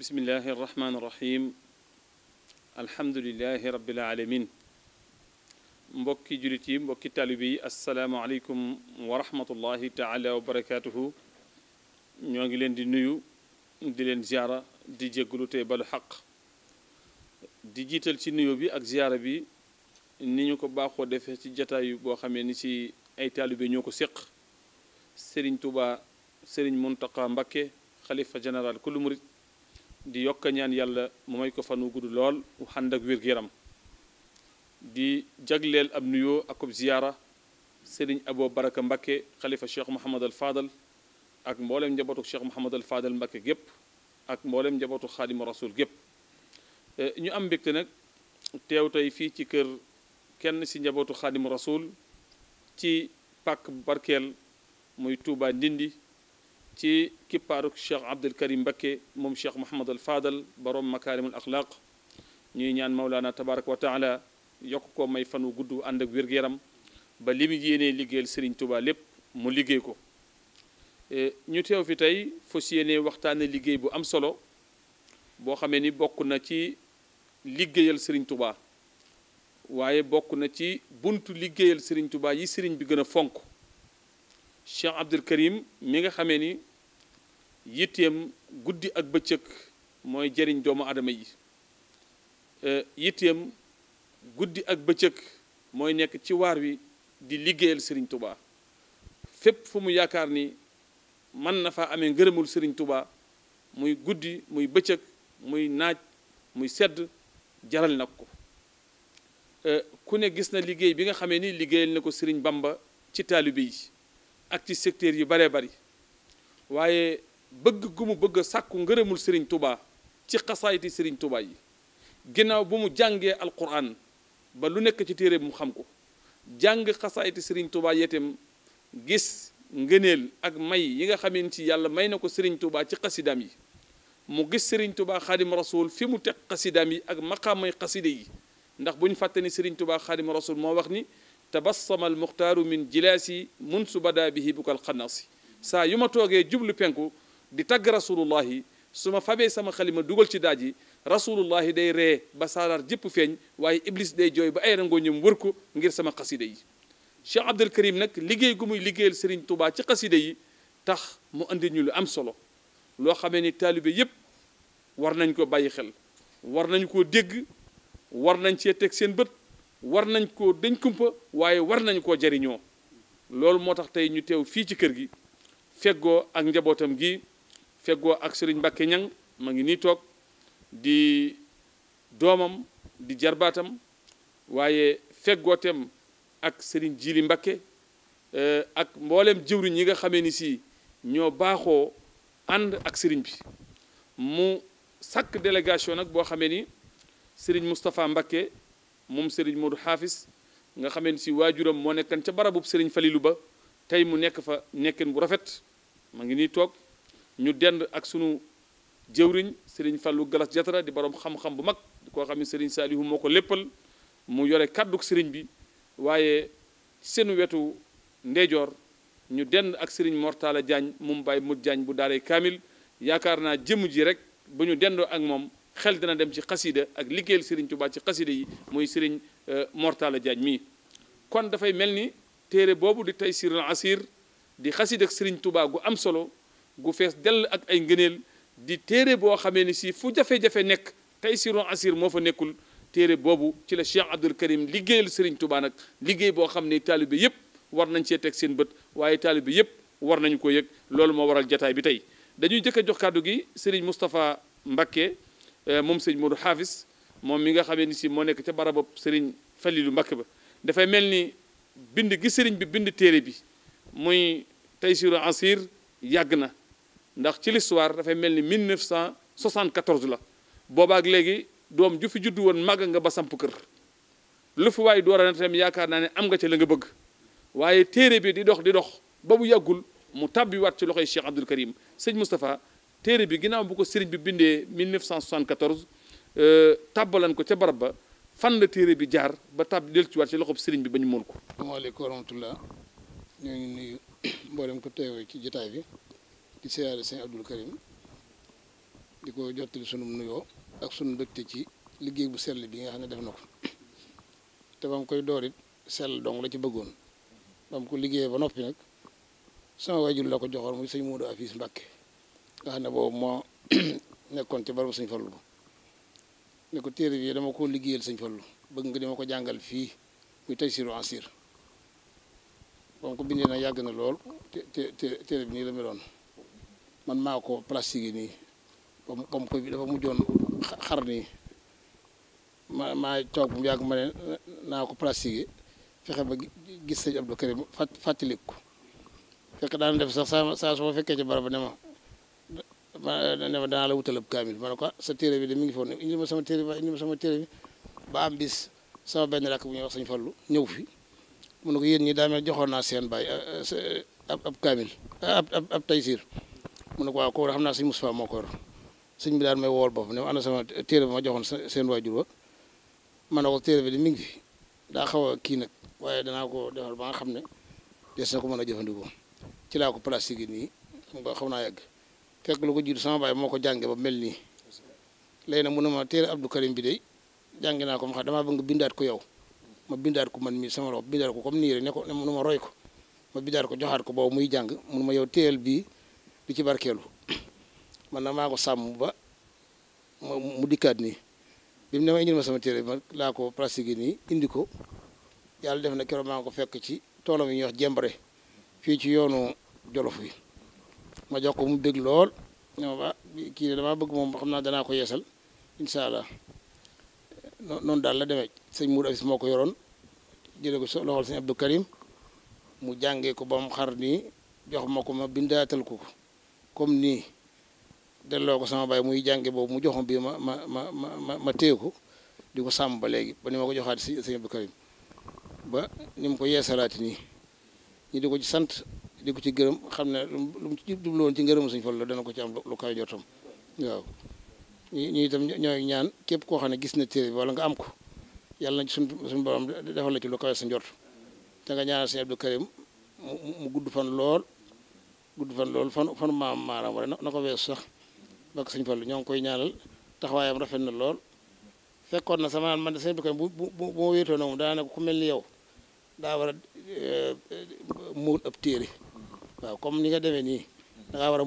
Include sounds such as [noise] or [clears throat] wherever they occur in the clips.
bismillahi arrahmani irrahim alhamdulilahi rabilalamin mbokki jullit mbokki taalibe bi asalaamualeykum wa rahmatullahi taala wa barakatuhu ñoo ngi leen di nuyu di leen ziara di jégglu tey balu xaq di jiital ci nuyu bi ak ziara bi ni ñu ko baaxoo defee ci jataayu boo xamee ni ci ay taalibe ñoo ko séq sëriñ Tuuba sëriñ Muntaqa Mbakke xalifa général kulu murit di yokk ñaan yàlla mooy may ko fan wu gudd lool mu ànd ak wér yaram di jagleel ab nuyoo ak ab ziyaara sëriñ Abo Baraka Mbakke xalifa cheikh Mouhamad al Fadal ak mboolem njabootu cheikh Mouhamad al Fadal Mbakke gépp ak mboolem njabootu xaadima rasul gépp eh, ñu am mbégte nag teew tey fii ci kër kenn ci njabootu xaadima rasul ci pàkk barkeel muy Touba Ndindi. ci kippaaruk cheikh abdul karim mbakke moom cheikh mohamad al fadal borom makaarimul axlaaq ñuy ñaan maulaana tabaraka wa yokk ko may fan wu gudd ànd ak wér yaram ba li mu yéenee liggéeyal Serigne Touba lépp mu liggéey ko e, ñu teew fi tey fas yéenee waxtaane liggéey bu am solo boo xamee ni bokk na ci liggéeyal Serigne Touba waaye bokk na ci bunt liggéeyal Serigne Touba yi Serigne bi gën a fonk Cheikh Abdul Karim mi nga xamee ni yitteem guddi ak bëccëg mooy jëriñ doomu adama yi euh, yitteem guddi ak bëccëg mooy nekk ci waar wi di liggéeyal sëriñ Touba fépp fu mu yaakaar ni mën na fa amee ngërëmul sëriñ Touba muy guddi muy bëccëg muy naaj muy sedd jaral nag ko euh, ku ne gis na liggéey bi nga xamee ni liggéeyal ne ko Serigne Bamba ci taalibe yi ak ci secteur yu baree bari waaye bëgg gu mu bëgg a sàkku ngërëmul Serigne Touba ci xasaayiti Serigne Touba yi ginnaaw bu mu jàngee Alquran ba lu nekk ci téere mu xam ko jàng xasaayiti Serigne Touba yeetem gis ngëneel ak may yi nga xamante ci yàlla may na ko Serigne Touba ci xasidaam yi mu gis Serigne Touba xaadim rasul fi mu teg xasidaam yi ak maqaamay xaside yi ndax bu ñu fàtte ni Serigne Touba xaadim rasul moo wax ni tabassama al muxtaaru min jilaasi mun su badaa bihi bukal xanaasi saa yu ma toogee jublu penku. di tagg rasulullahi su ma fabee sama xalima dugal ci daaj yi rasulullahi day ree ba saaraar jépp feeñ waaye iblis day jooy ba ay rangoo ñëm wër ko ngir sama xasida yi cheikh abdul karim nag liggéey gu muy liggéeyal sëriñ tubaa ci xasida yi tax mu indi ñu lu am solo loo xamee ni taalibe yépp war nañ ko bàyyi xel war nañ koo dégg war nañ cee teg seen bët war nañ ko dañ kumpa waaye war nañ koo jariñoo loolu moo tax tey ñu teew fii ci kër gi feggoo ak njabootam gi feggoo ak sëriñ Mbàkke ñang ma ngi nii toog di doomam di jarbaatam waaye feggooteem ak sëriñ Jili Mbàkke euh, ak mbooleem jëwriñ yi nga xame ni si ñoo baaxoo ànd ak sëriñ bi mu sàkk delegation nag boo xamee ni sëriñ Moustapha Mbàkke moom sëriñ Modou Xaafis nga xamee ni si waajuram moo nekkan ca barabub sëriñ Falilu ba tey mu nekk fa nekkin bu rafet ma ngi nii toog ñu dend ak sunu jëwriñ Serigne Fallou Galas Jatara di borom xam-xam bu mag koo xam ne Serigne Saliou moo ko léppal mu yore kàdduk Serigne bi waaye seen wetu ndeyjoor ñu dend ak Serigne Mortala Diagne moom Baye Modou jaañ bu daaree kaamil yaakaar naa jëmm ji rek bu ñu dendoo ak moom xel dina dem ci xasida ak liggéeyal Serigne Touba ci xasida yi muy Serigne euh, Mortala jaañ mii. kon dafay mel ni téere boobu di Taysiirul Asiir di xasida ak tubaa Touba gu am solo. gu fees dell ak ay ngëneel di téere boo xamee ni si fu jafe-jafe nekk tey siron asir moo fa nekkul téere boobu ci la Cheikh Abdul Karim liggéeyal Serigne Touba liggéey boo xam ne taalibe yëpp war nañ cee teg seen bët waaye taalibe yëpp war nañu ko yëg loolu moo waral jataay bi tey dañuy jëkk a jox kàddu gi Serigne Moustapha Mbakke eh, moom sëñ Modou Haafis moom mi nga xamee ni si moo nekk ca barabab Serigne Falilu Mbakke ba dafay mel ni bind gi bi bind téere bi muy Taysiru Asir yàgg na ndax ci l'histoire dafay mel ni 1974 la boobaak léegi doom ju fi juddu woon màgg nga ba samp kër lu fi waaye door a yaakaar naa ne am nga ca la nga bëgg waaye téere bi di dox di dox ba bu yàggul mu tàbbiwaat ci loxoy Cheikh Abdoul Karim sëñ Moustapha téere bi ginnaaw bu ko sëriñ bi bindee 1974 euh, tàbbalan ko ca barab ba fan la téere bi jaar ba tàbb del ci waat ci loxob sëriñ bi ba ñu mool ko. asalaamaaleykum wa rahmatullah ñoo ngi nuyu [coughs] ko teewee ci jotaay bi. di siyaare sëñ Abdul Karim di ko jottali sunu nuyoo ak sunu mbégte ci liggéey bu sell bi nga xam ne def na ko te ba mu koy door it sell dong la ci bëggoon ba mu ko liggéeyee ba noppi nag sama waajur la ko joxoon muy sëñ Moodu Afis Mbàkke nga xam ne boobu moo [clears throat] nekkoon ci barabu sëñ Fallu ne ko téere bi dama ko liggéeyal sëñ Fallu bëgg nga dima ko jàngal fii muy Taysiru Ansir ba mu ko bindee nag yàgg na lool te te te téere bi nii la man maa ko plastique yi nii ba mu ba mu koy dafa mujjoon xar nii ma maa toog bu mu yàgg ma ne naa ko plastique fexe ba gis sëñ Abdou Karim fàttaliku ko fekk daan def sax saa saa su ma fekkee ci barab ne ma ma ne ma danaa la wutalab kaamil ma ne ko ah, sa téere bi de mi ngi foog ne indi ma sama téere bi sama téere bi ba am bis sama benn rakk bu ñuy wax sëñ Fallu ñëw fi mun na ko yéen ñi daa joxoon naa seen baay euh, euh, ab ab kaamil ab ab taysiir mu ne ko ko kooku xam naa sëñ Moustapha moo ko yor sëñ bi daal may wool boobu ne ma ana sama téere ba ma joxoon seen waajur wa ma ne ko téere bi di mi ngi fi daa xaw a kii nag waaye danaa ko defal ba nga xam ne des na ko a jëfandikoo ci laa ko plastique yi nii xam xaw naa yàgg fekk ko jiitu sama moo ko jànge mel nii léegi nag mu ne ma téere Abdou Karim bi de jàngi naa ko ma xam damaa bëgg nga bindaat ko yow ma bindaat ko man mii sama loxo bindaat ko comme nii rek ne ko ne ma roy ko ma bindaat ko joxaat ko boobu muy jàng mu ma yow téel bii di ci barkeelu man na maa ko sàmm ba mu dikkaat nii bi mu ne ma indil ma sama téere laa ko pratiqué nii indi ko yàlla def na keroog maa ko fekk ci toolam yi ñuy wax jembare fii ci yoonu jolof wi ma jox ko mu bég lool ne ma kii ne damaa bëgg moom xam naa danaa ko yeesal incha allah noonu daal la demee sëñ Mourou Abis moo ko yoroon jële ko loxol sëñ Abdou Karim mu jànge ko ba mu xar nii jox ma ko ma bindaatal ko comme nii delloo ko sama baay muy jànge boobu mu joxoon bi ma ma ma ma ma téye ko di ko sàmm ba léegi ba ni ma ko joxaat si sëñ Abdou ba ni ko yeesalaati nii ñu di ko ci sant di ko ci gërëm xam ne lu mu ci jublu ci ngërëm suñ fol la dana ko ci am lu jotam waaw ñu itam ñooy ñaan képp koo xam ne gis na téere wala nga am ko yàlla na suñ suñu borom la ci lu kawe sa njort te nga ñaanal sëñ Karim mu gudd fan lool gudd fan loolu fanu fanu maam maaram wala na ko weesu sax bakk sëñ Fallu ñoo ngi koy ñaanal taxawaayam rafet na lool fekkoon na sama naan bi bu bu bu ma wéetoo noonu daanaka ku mel ni yow daa eh, eh, comme ni nga demee nii da ngaa war a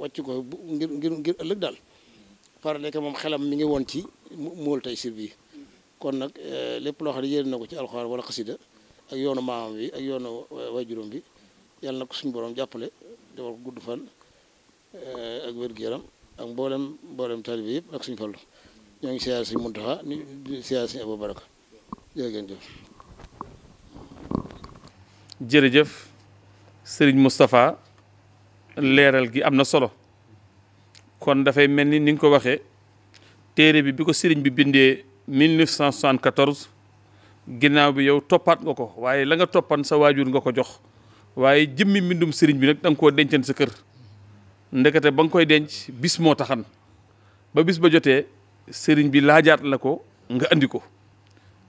wàcc ko ngir ngir ngir ëllëg daal par que moom xelam mi ngi woon ci muul tey sir bii kon nag eh, lépp loo xam ne yéen na ko ci alxuraan wala xasida ak yoonu maamam bi ak yoonu juróom bi yàlla na ko suñu boroom jàppale defal gudd fan eh, ak wér yaram ak mboolem mboolem taalibe yëpp ak suñu fallu ñoo ngi siyaar suñu Muntaxa ni siyaar suñu Abu jërëjëf. sëriñ Moustapha leeral gi am na solo kon dafay mel ni ni nga ko waxee téere bi bi ko sëriñ bi bindee 1974 ginnaaw bi yow toppaat nga ko waaye la nga toppan sa waajur nga ko jox. waaye jëmmi mbindum sëriñ bi nag danga nga koo dencan sa kër ndekete ba nga koy denc bis moo taxan ba bis ba jotee sëriñ bi laajaat la ko nga andi ko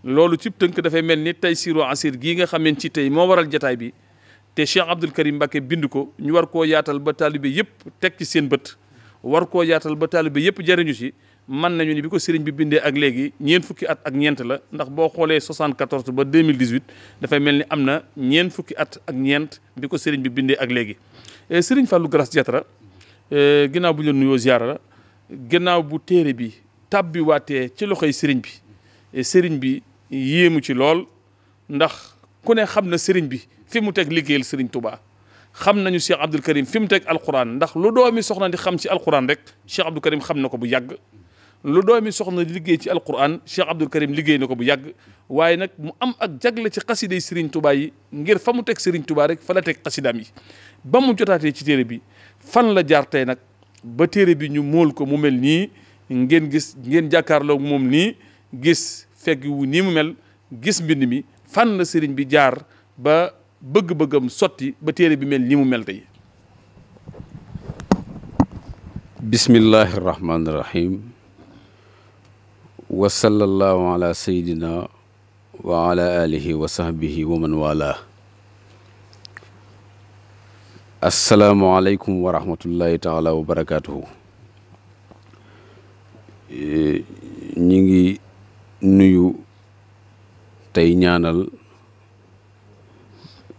loolu cib tënk dafay mel ni tey siro asir gii nga xameen ci tey moo waral jataay bi te Cheikh Abdoul Karim Mbacké bind ko ñu war koo yaatal ba taalibe yëpp teg ci seen bët war koo yaatal ba taalibe yëpp jariñu si mën nañu ni bi ko sëriñ bi bindee ak léegi ñeent fukki at ak ñeent la ndax boo xoolee 74 ba 2018 dafay mel ni am na ñeent fukki at ak ñeent bi ko sëriñ bi bindee ak léegi. Eh, sëriñ Fallou Gras Diatra eh, ginnaaw bu ñu nuyoo ziara la ginnaaw bu téere bi tàbbiwaatee ci loxoy sëriñ bi eh, sëriñ bi yéemu ci lool ndax ku ne xam na sëriñ bi fi mu teg liggéeyal sëriñ tubaa xam nañu Cheikh Abdoul Karim fi mu teg alquran ndax lu doomi soxna di xam ci alquran rek Cheikh Abdoul Karim xam na ko bu yàgg lu doomi soxna liggéey ci alquran Cheikh Abdul Karim liggéey na ko bu yàgg waaye nag mu am ak jagle ci xasiday Serigne Touba yi ngir fa mu teg Serigne Touba rek fa la teg xasidaam yi ba mu jotaatee ci téere bi fan la jaar tey nag ba téere bi ñu móol ko mu mel nii ngeen gis ngeen jàkkaarloo moom nii gis fekk wu nii mu mel gis mbind mi fan la Serigne bi jaar ba bëgg-bëggam sotti ba téere bi mel nii mu mel tey. wa sallallahu ala sayidina wa ala alihi wa sahbihi wa man wala assalaamu aleykum wa rahmatullahi taala wa barakaatuhu ñi ngi nuyu tey ñaanal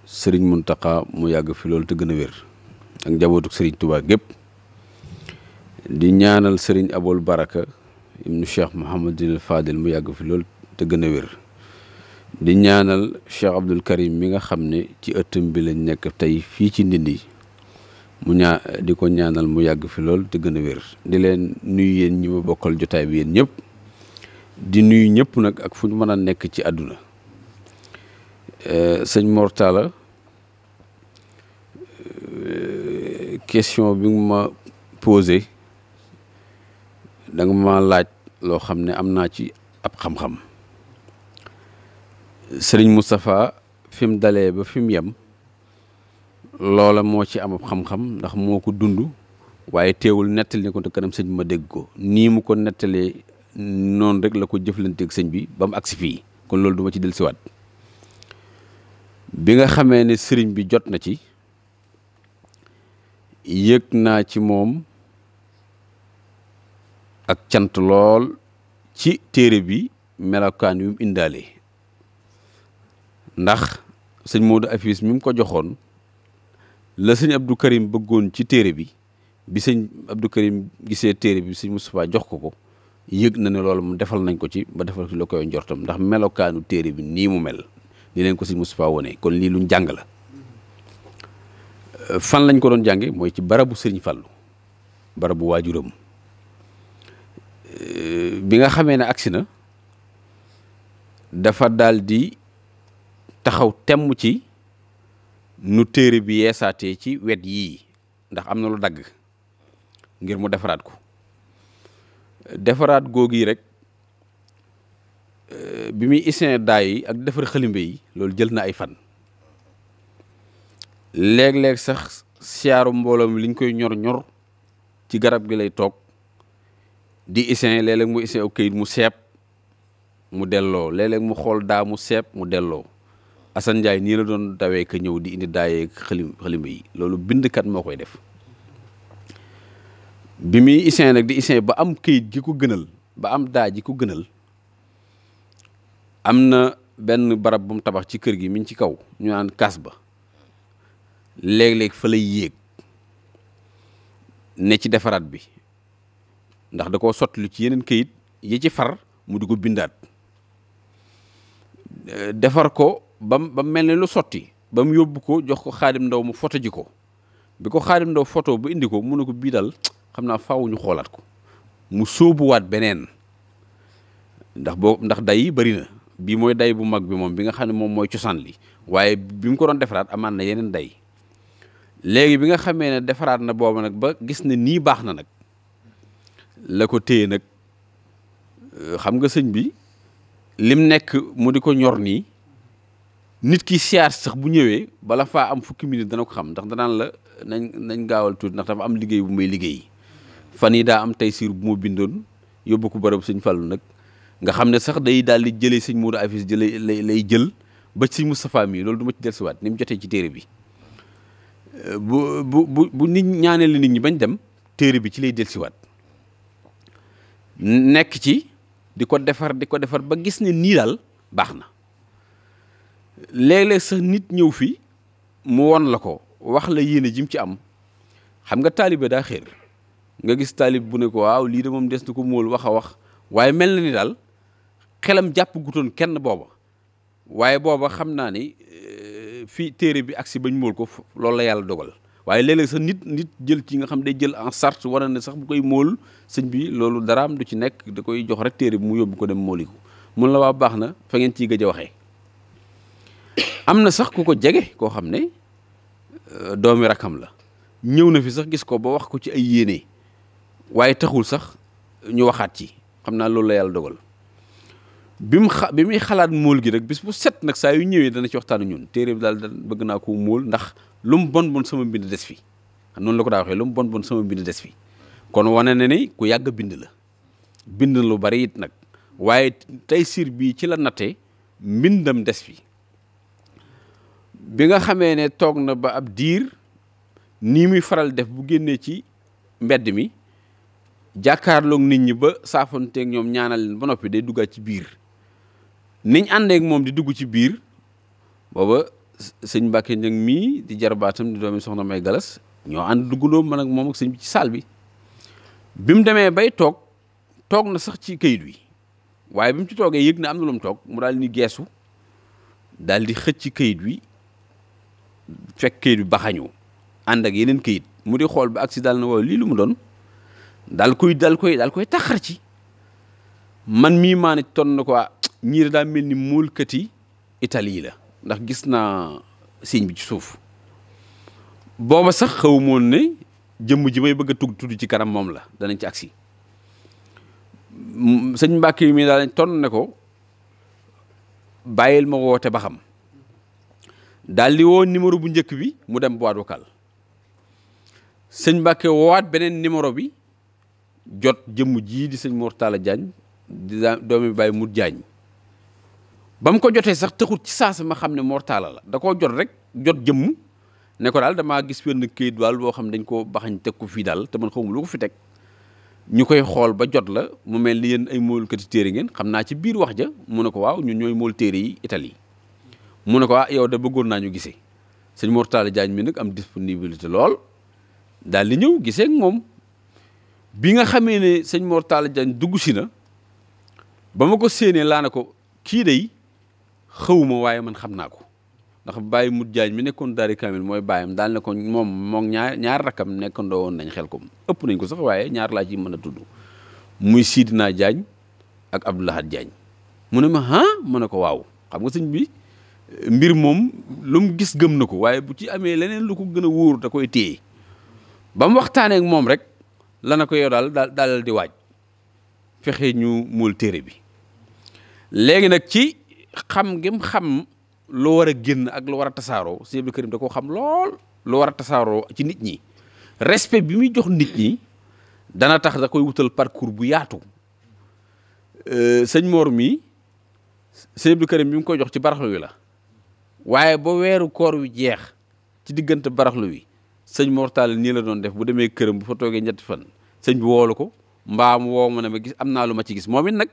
sëriñ Muntaxa mu yàgg fi loolu te gën a wér ak njabootuk tubaa Tuubaa di ñaanal sëriñ Abol Baraka ibnu cheikh Mouhamadul Fadil mu yàgg fi lool te gën a wér di ñaanal cheikh Abdul Karim mi nga xam ne ci ëttum bi lañ nekk tey fii ci Ndindi mu ñaa di ko ñaanal mu yàgg fi lool te gën a wér di leen nuyu yéen ñi ma bokkal jotaay bi yéen ñëpp di nuyu ñëpp nag ak fu ñu mën a nekk ci àdduna eh, sëñ Mortala eh, question bi nga ma posé da ma laaj loo xam ne am naa ci ab xam-xam sëriñ Moustapha fi mu dalee ba fi mu yem loola moo ci am ab xam-xam ndax moo ko dund waaye teewul nettali ni ko te kanam sëñ ma dégg ko nii mu ko nettalee noonu rek la ko jëflanteeg sëñ bi ba mu agsi fii kon loolu duma ci siwaat bi nga xamee ne sëriñ bi jot na ci yëg naa ci moom ak cant lool ci téere bi melokaan yu mu indaale ndax sëñ Modou Afis mi mu ko joxoon la sëñ Abdou Karim bëggoon ci téere bi bi sëñ Abdou Karim gisee téere bi sëñ Moustapha jox ko ko yëg na ne loolu mu defal nañ ko ci ba defal ci la koy njortam ndax melokaanu téere bi nii mu mel ni leen ko sëñ Moustapha wone kon lii luñ jàng la fan lañ ko doon jànge mooy ci barabu sëriñ Fallou barabu waajuram Euh, bi nga xamee ne agsi na dafa daldi taxaw temm ci nu téere bi yeesaate ci wet yii ndax am na lu dagg ngir mu defaraat ko defaraat googu yi rek euh, bi muy isin daay yi ak defar xalimbe yi loolu jël na ay fan léeg-léeg sax siyaaru mbooloo mi liñ koy ñor ñor ci garab gi lay toog di isin léeg-léeg mu isin aw këyit mu seeb mu delloo léeg mu xool daa mu seeb mu delloo Assane nii la doon dawee ka ñëw di indi daayee xalim xalima yi loolu bindkat moo koy def bi muy isin nag di isin ba am kayit gi ko gënal ba am daa ji ko gënal am na benn barab bu mu tabax ci kër gi mi ngi ci kaw ñu naan kaas ba léeg-léeg fa lay yéeg ne ci defaraat bi ndax da koo sotti lu ci yeneen këyit yi ci far mu di ko bindaat euh, defar ko bam ba mel ni lu sotti ba mu yóbbu ko jox ko xaadim ndaw mu foto ji ko bi ko xaadim ndaw foto bu indi ko mun ne ko bii daal xam naa faaw ñu xoolaat ko mu sóobuwaat beneen ndax boo ndax day bari na bii mooy day bu mag bi moom bi nga xam ne moom mooy cosaan li waaye bi mu ko doon defaraat amaan na yeneen day léegi bi nga xamee ne defaraat na boobu nag ba gis ne nii baax na nag la ko téye nag euh, xam nga sëñ bi lim nekk mu di ko ñor nii nit ki siyaar sax bu ñëwee bala faa am fukki minute dana ko xam ndax danaan la nañ nañ gaawal tuuti ndax dafa am liggéey bu may liggéey fan yi daa am taysiir bu ma bindoon yóbbu ko bërëb sëñ Fallou nag nga xam ne sax day daal di jëlee sëñ Modou Afis jëlee lay lay jël ba sëñ Moustapha mii loolu du ma ci dellusiwaat ni mu jotee ci téere bi euh, bu bu bu nit ñaanee li nit ñi bañ dem téere bi ci lay dellusiwaat nekk ci di ko defar di ko defar ba gis ni nii daal baax na léeg-léeg sax nit ñëw fi mu won la ko wax la yéene jim ci am xam nga taalibe daa xéer nga gis taalib bu ne ko waaw lii de moom des na ko mool wax a wax waaye mel na ni daal xelam jàpp gutoon kenn booba waaye booba xam naa ni eh, fii téere bi agsi bañ mool ko loolu la yàlla dogal waaye léeg sax nit nit jël ci nga xam day jël en charge war ne sax bu koy mool sëñ bi loolu am du ci nekk da koy jox rek téere bi mu yóbbu ko dem mooli ko mun la waa baax na fa ngeen ciy gëj a waxee. am na sax ku ko jege koo xam ne euh, doomi rakam la ñëw na fi sax gis ko ba wax ko ci ay yéene waaye taxul sax ñu waxaat ci xam naa loolu la yàlla dogal. bi mu xa bi muy xalaat mool gi rek bis bu set nag saa yu ñëwee dana ci waxtaanu ñun téere bi daal bëgg naa ko mool ndax lu mu bon bon sama mbind des fi noonu la ko daa waxee lu mu bon bon sama mbind des fi kon wane na ni ku yàgg bind la bind lu bari it nag waaye tey siir bii ci la natte mbindam des fi bi nga xamee ne toog na ba ab diir nii muy faral def bu génnee ci mbedd mi jàkkaarloog nit ñi ba saafonteeg ñoom ñaanal leen ba noppi day duggaat ci biir niñ àndeek moom di dugg ci biir booba sëñ Mbacke Ndiang mii di jarbaatam di doomi soxna May Galas ñoo ànd duggandoo man ak moom ak sëñ bi ci saal bi bi mu demee bay toog toog na sax ci kayit wi waaye bim ci toogee yëg na am na lu toog mu dal ni geesu daal di xëcc kayit wi fekk kayit bi baxañu ànd ak yeneen kayit mu di xool ba agsi dal na waaw lii lu mu doon daal koy dal koy daal taxar ci man mii maa ne ton na ko ah, ñiir daa mel ni muulkati itali la ndax gis naa signe bi ci suuf booba sax xaw moon ne jëmm ji may bëgg a tugg tudd ci kanam moom la danañ ci agsi sëñ Mbàkke yi mi daal lañ ton ne ko bàyyil ma woote ba xam daal di woo numéro bu njëkk bi mu dem boîte vocale sëñ Mbàkke woowaat beneen numéro bi jot jëmm jii di sëñ Mortala Diagne di doomi bàyyi mut Diagne ba mu ko jotee sax taxut ci saa sa ma xam ne Mor la da koo jot rek jot jëmm ne ko daal damaa gis wenn këyit daal boo xam dañ koo baxañ teg ko fii daal te man xawma lu ko fi teg ñu koy xool ba jot la mu mel ni yéen ay moolkati téere ngeen xam naa ci biir wax ja mu ne ko waaw ñu ñooy mool téere yi Italie mu ne ko ah yow da bëggoon naa ñu gisee sëñ Mor jaañ Diagne mi nag am disponibilité lool daal di ñëw gisee moom bi nga xamee ne sëñ Mor Talla dugg si na ba ma ko séenee laa ne ko kii day xawuma waaye man xam naa ko ndax bàyyi mut jaañ mu nekkoon daari kaamil mooy baayam daal ne ko moom moom ñaar ñaar rakkam nekkandoo woon nañ xel ko ëpp nañ ko sax waaye ñaar laa ci mën a tudd muy naa Jaañ ak Abdoulahad Jaañ mu ne ma ah mu ne ko waaw xam nga sëñ bi mbir moom lum gis gëm na ko waaye bu ci amee leneen lu ko gën a wóor da koy téye ba mu waxtaanee moom rek la ko yow daal daal di waaj fexe ñu muul téere bi léegi nag ci xam ngim xam lu war a génn ak lu war a tasaaroo sëñ Abdou Karim da koo xam lool lu war a tasaaroo ci nit ñi respect bi muy jox nit ñi dana tax da koy wutal parcours bu yaatu euh, sëñ Mor mi sëñ Abdou Karim bi mu koy jox ci baraxlu wi la waaye ba weeru koor wi jeex ci diggante baraxlu wi sëñ Mor nii la doon def bu demee këram bu fa toogee ñetti fan sëñ woolu ko mbaam woo ma ne ma gis am naa lu ma ci gis moom it nag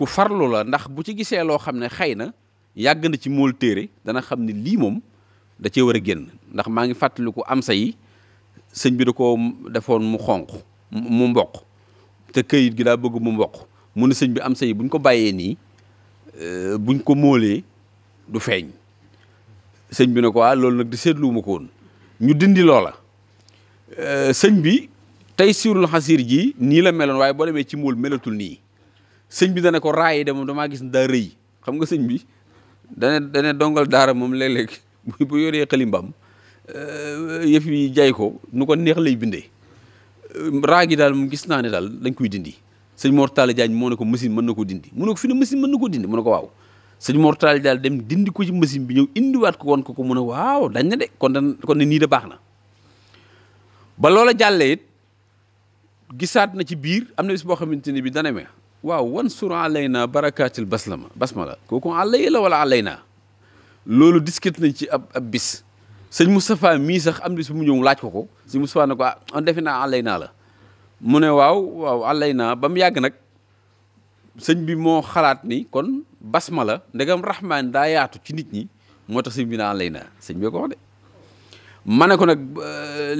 ku farlu la ndax bu ci gisee loo xam ne xëy na yàgg na ci mool téere dana xam ne lii moom da cee war a génn ndax maa ngi fàttaliku am sa yi sëñ bi da ko defoon mu xonq mu mboq te këyit gi daa bëgg mu mboq mu ne sëñ bi am sa yi buñ ko bàyyee nii euh, buñ ko móolee du feeñ sëñ bi ne ko ah loolu nag di seetluwuma ko ñu dindi loola euh, sëñ bi tey siirul xasiir ji nii la meloon waaye boo demee ci mool melatul nii sëñ bi dana ko raay yi de moom damaa gis na daa rëy xam nga sëñ bi dane dane dongal daara moom léeg-léeg bu bu yoree xalimbam euh, yëf yi jaay ko nu ko neex lay bindee euh, raa gi daal moom gis naa ne daal dañ koy dindi sëñ moor taal Diagne moo ne ko machine mën na ko dindi mun ne ko fi ne machine mën na ko dindi mu ne ko waaw sëñ Mor Talla daal dem dindi ko ci machine bi ñëw indiwaat ko woon ko ko mu ne waaw dañ na de kon dañ kon ne nii de baax na ba loola jàllee it gisaat na ci biir am na boo xamante ne bi dana waaw wan sur alayna barakaatil baslama basmala kooku alay la wala alay naa loolu discuté nañ ci ab ab bis sëñ Moustapha mii sax am bis bu mu ñëw laaj ko ko sëñ Moustapha ne ko ah on defe naa alay naa la mu ne waaw waaw alay naa ba mu yàgg nag sëñ bi moo xalaat ni kon bas ma la ndegam rahmaan daa yaatu ci nit ñi moo tax sëñ bi naa alay naa sëñ bi ko de ma ne ko nag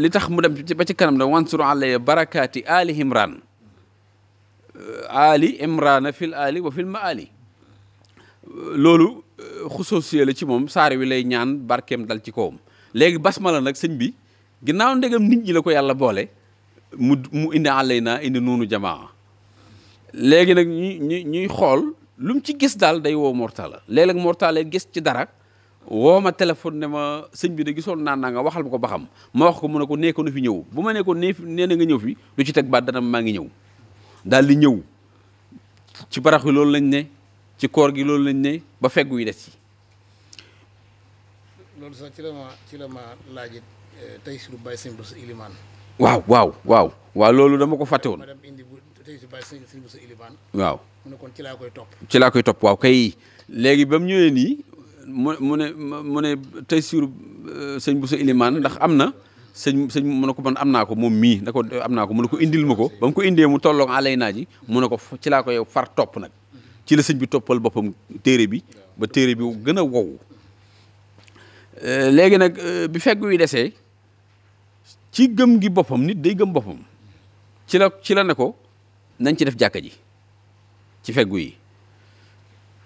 li tax mu dem ba ci kanam da wan sur alay barakaati ali imran ali imrana fil aali wa fil maali loolu euh, xusoosiyee la ci moom saar wi lay ñaan barkeem dal ci kawam léegi basmala nag sëñ bi ginnaaw ndegam nit ñi la ko yàlla boole mu mu indi àllay naa indi nuunu jamaa léegi nag ñuy ñuy xool lu mu ci gis daal day woo mortala léeg-léeg mortala gis ci dara woo ma téléphone ne ma sëñ bi de gisoon naan naa nga waxal ko ba xam ma wax ko mu ne ko nee ko fi ñëw bu ma nee ko nee na nga ñëw fi lu ci teg baat dana maa ngi ñëw daal di ñëw ci barax yi loolu lañ ne ci koor gi loolu lañ ne ba feggu yi des ci loolu sax ci la ci la ma laajit eh, tey si lu bàyyi ilimaan waaw waaw waaw waaw loolu dama ko fàtte woon waaw mu ne kon ci laa koy topp ci laa koy topp waaw kay léegi ba mu ñëwee nii mu mu ne mu ne tey eh, sur sëñ bu sa ilimaan ndax am na sëñ sëñ mu ne ko man am naa ko moom mii na ko am naa ko mu ne ko indil ma ko ba mu ko indee mu tolloo alay naa ji mu ne ko ci laa ko yow far topp nag ci la sëñ bi toppal boppam téere bi ba téere bi gën a wow euh, léegi nag euh, bi fegg wi desee ci gëm gi boppam nit day gëm boppam ci la ci la ne ko nañ ci def jàkka ji ci feggu yi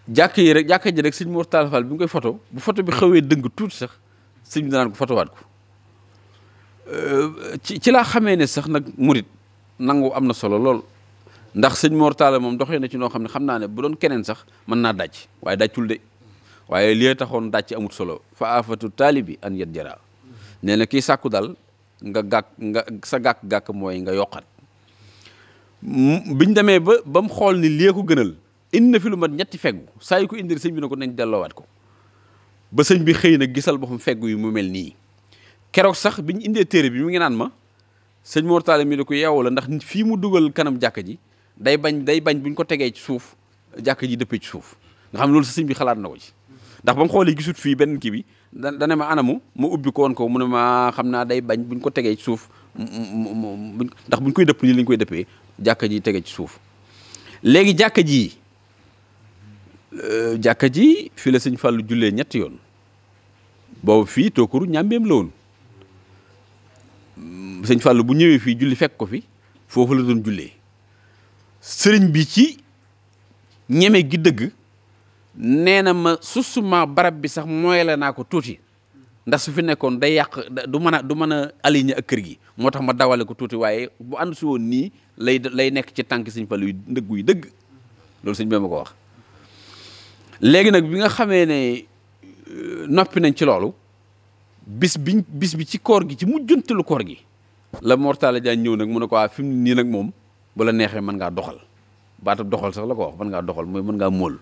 jàkk yi rek jàkka ji rek sëñ Mor Talla Fall bi nga koy photo bu foto bi xawee dëng tuuti sax sëñ bi danaan ko fotowaat ko Euh, ci ci laa xamee ne sax nag murit nangu am na solo lool ndax sëñ Mor Talla moom doxee na ci noo xam ne xam naa ne bu doon keneen sax mën naa daj waaye dajul de waaye li taxoon daj ci amut solo fa afatu taalibi an yet jara nee na kii sàkku dal nga gàkk nga sa gàkk-gàkk mooy nga yokkat biñ demee ba ba mu xool ni lii ko gënal indi na fi lu mat ñetti feggu saa yu ko indil sëñ bi ne ko nañ delloowaat ko ba sëñ bi xëy na gisal boppam feggu yi mu mel nii keroog sax bi ñu indee téere bi mu ngi naan ma sëñ Mor Talla mi da ko yeewu la ndax fi mu dugal kanam jàkka ji day bañ day bañ bu ko tegee ci suuf jàkka ji dëppee ci suuf nga xam loolu sa sëñ bi xalaat na ko ci ndax ba mu xoolee gisut fii benn kii bi da dana ma anamu ma ubbi ko woon ko mu ne ma xam naa day bañ bu ñu ko tegee suuf mu ndax buñ koy dëpp nii la koy dëppee jàkka ji tege ci suuf léegi jàkka ji euh, jàkka ji fii la sëñ Fallou jullee ñetti yoon boobu fii tookuru ñàmbeem la woon sëñ Fallou bu ñëwee fii julli fekk ko fi foofu la doon jullee sëriñ bi ci ñeme gi dëgg nee na ma susuma barab bi sax mooy la naa ko tuuti ndax su fi nekkoon day yàq du mën a du mën a aligné ak kër gi moo tax ma dawale ko tuuti waaye bu ànd si woon nii lay lay nekk ci tànk sëñ Fallou yu ndëggu yu dëgg loolu sëñ bi ma ko wax léegi nag bi nga xamee ne euh, noppi nañ ci loolu bis bi bis bi ci koor gi ci mujjantalu koor gi la Mortalla jaa ñëw nag mu ne ko waa ah, fi mu nii nag moom bu la neexee mën ngaa doxal baatab doxal sax la ko wax mën ngaa doxal mooy mën ngaa mool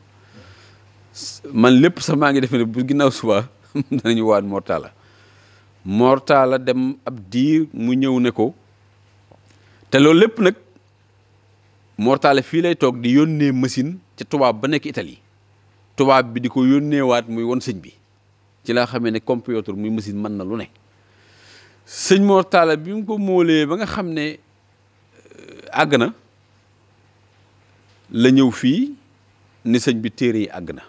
man lépp sax maa ngi defe ne bu ginnaaw suba [laughs] danañu waat Mortalla Mortalla dem ab diir mu ñëw ne ko te loolu lépp nag Mortalla fii lay toog di yónnee machine ci tubaab ba nekk Italie tubaab bi di ko yónneewaat muy won sëñ bi ci laa xamee ne compétiteur muy machine mën na lu ne sëñ Mor Talla bi mu ko moolee ba nga xam ne euh, àgg na la ñëw fii ni sëñ bi téere yi àgg na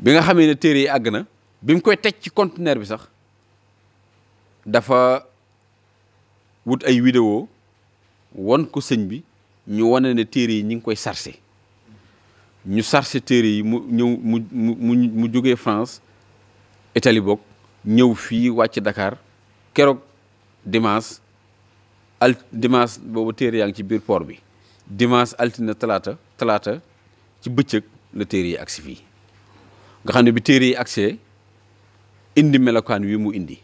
bi nga xamee ne téere yi àgg na bi mu koy teg ci conteneur bi sax dafa wut ay vidéo won ko sëñ bi ñu wane ne téere yi ñu ngi koy sarse ñu sarse téere yi mu ñëw mu mu mu jógee France Italie bokk ñëw fii wàcc Dakar keroog dimanche al dimanche boobu téere yaa ngi ci biir port bi dimanche altine talaata talaata ci bëccëg la téere yi agsi fii nga xam ne bi téere yi agsee indi melokaan wi mu indi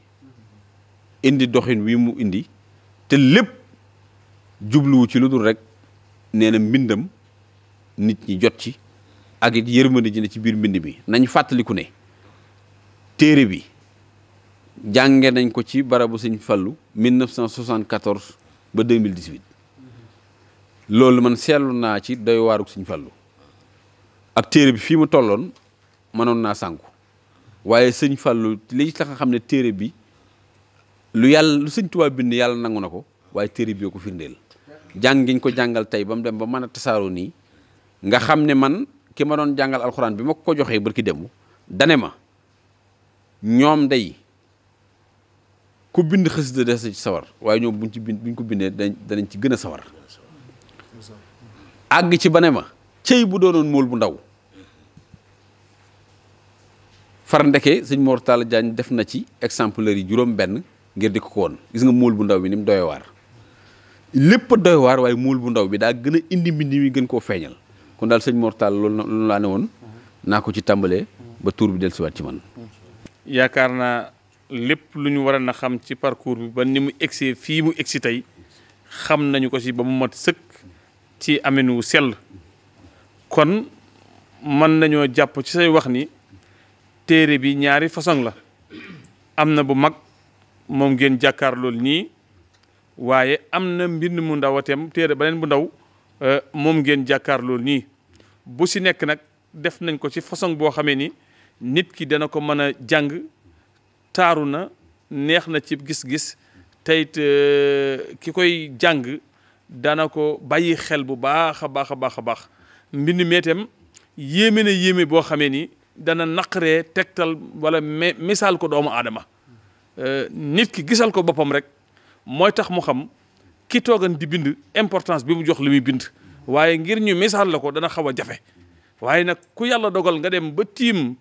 indi doxin wi mu indi te lépp jubluwu ci lu dul rek nee mbindam nit ñi jot ci ak it yërmande ji ne ci biir mbind mi nañ fàttaliku ne téere bi jànge nañ ko ci barabu sëñ Fallu 1974 ba 2018 loolu man seetlu naa ci doy waaruk sëñ Fallu ak téere bi fii mu tolloon mënoon naa sànku waaye sëñ Fallu li tax nga xam ne téere bi lu yàlla lu sëñ Tuubaa bind yàlla nangu na ko waaye téere bi yoo ko firndeel jàng giñ ko jàngal tey ba mu dem ba mën a tasaaroo nii nga xam ne man ki ma doon jàngal alxuraan bi ma ko joxee barki demu dane ma ñoom day ku bind xasida des na sawar waaye ñoom buñ ci bind buñ ko bindee dañ danañ ci gën a sawar àgg ci ba ne ma cëy bu doonoon mool bu ndaw far ndeke sëñ Mor Talla def na ci exemplaire yi juróom benn ngir di ko ko woon gis nga mool bu ndaw bi ni mu doy waar lépp doy waar waaye mool bu ndaw bi daa gën a indi mbind mi gën koo feeñal kon daal sëñ Mortal loolu loolu laa ne woon naa ko ci tàmbalee ba tuur bi dellusiwaat ci man. yaakaar naa lépp lu ñu waroon a xam ci parcours bi ba ni mu egsee fii mu egsi tey xam nañu ko ci ba mu mat sëkk ci amin wu sell kon mën nañoo jàpp ci say wax ni téere bi ñaari façon la am na bu mag moom ngeen jàkkaar loolu nii waaye am na mbind mu ndaw a atem téere beneen bu ndaw. Euh, moom ngeen jàkkaarloo nii bu si nekk nag def nañ ko ci façon boo xamee ni nit ki dana ko mën a jàng taaru na neex na ci gis-gis teyit euh, ki koy jàng dana ko bàyyi xel bu baax a baax a baax a baax mbind meetam yéeme na yéeme boo xamee ni dana naqre tegtal walla me ko doomu aadama euh, nit ki gisal ko boppam rek mooy tax mu xam ki toogan di bind importance bi mu jox lu muy bind waaye ngir ñu misaal la ko dana xaw a jafe waaye nag ku yàlla dogal nga dem ba tiim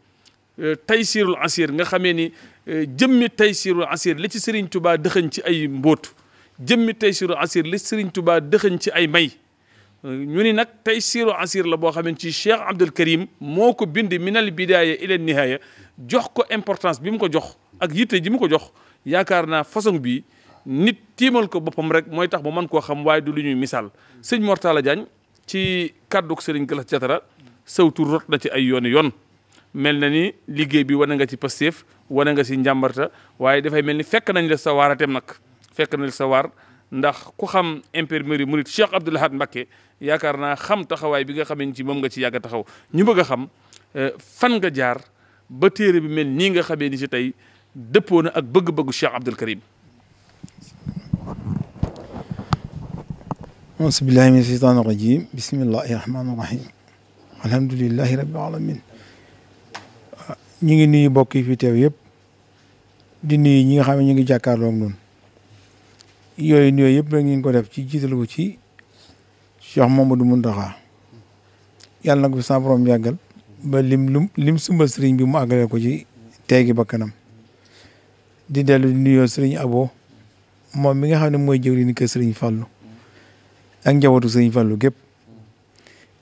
euh, taysirul asir nga xamee ni euh, jëmmi taysirul asir li ci Serigne Touba dëxëñ ci ay mbóot jëmmi taysirul asir li Serigne Touba dëxëñ ci ay may euh, ñu ni nag taysirul asir la boo xamee ci Cheikh Abdul Karim moo ko bind minal bidaaya ila nihaaya jox ko importance bi mu ko jox ak yitte ji mu ko jox yaakaar naa façon bi nit tiimal ko boppam rek mooy tax mu man koo xam waaye du lu ñuy misaal sëñ Mortala Diagne ci kàddug la Gallas Diatara sawtu rot na ci ay yooni yoon mel na ni liggéey bi wane nga ci Pastef wane nga si njàmbarta waaye dafay mel ni fekk nañ la sa a waaratem nag fekk nañ la sa waar ndax ku xam imprimerie murit Cheikh Abdoul Ahad Mbacké yaakaar naa xam taxawaay bi nga xamee ci moom nga ci yàgg taxaw ñu bëgg a xam euh, fan nga jaar ba téere bi mel nii nga xamee ni si tey dëppoo na ak bëgg-bëggu Cheikh Abdoul Karim auzu billaahi mina sheytaani rajiim bismillaahi rahmaani rahiim alhamdulillaahi rabbil aalamiin ñu ngi nuyu mbokk yi fi teew yëpp di nuyu ñi nga xam ne ñu ngi jàkkaarloo ak noonu yooyu nuyoo yëpp rek ñu ko def ci jiital ko ci Cheikh Mamadou Mountakha yàlla na ko fi sa borom yàggal ba lim lum lim sumbal sëriñ bi mu àggale ko ci teegi bakkanam di dellu di nuyoo sëriñ Abo moom mi nga xam ne mooy jëwriñu kër sëriñ Fallou ak njabootu sëriñ Fallou gépp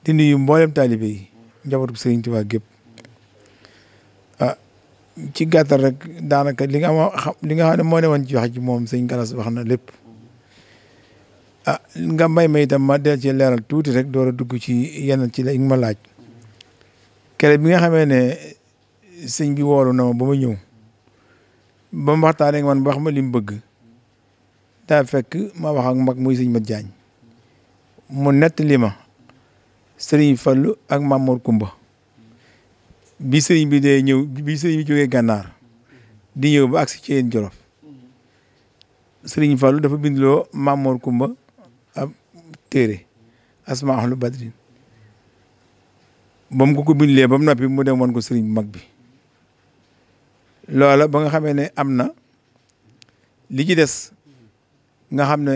di nuyu mboolem taalibe yi njabootu sëriñ Tuubaa gépp a ah, ci gàttal rek daanaka li nga xam li nga xam ne moo ci wax ci moom sëñ Galas wax na lépp ah nga may ma itam ma del ci leeral tuuti rek door a dugg ci yenn ci la yi ma laaj kere bi nga xamee ne sëñ bi woolu na ma ba ma ñëw ba mu waxtaanee man wax ma li mu bëgg. daa fekk ma wax ak mag muy sëñ Mat Jaañ mu nett li ma sëriñ Fallu ak Mamoor Kumba bi sëriñ bi dee ñëw bi sëriñ bi jógee gànnaar di ñëw ba ak ci yéen Jolof sëriñ Fallu dafa bindloo Mamoor Kumba ab téere asma lu badrin ba mu ko ko bindlee ba mu mu dem woon ko sëriñ mag bi loola ba nga xamee ne am na li ci des nga xam ne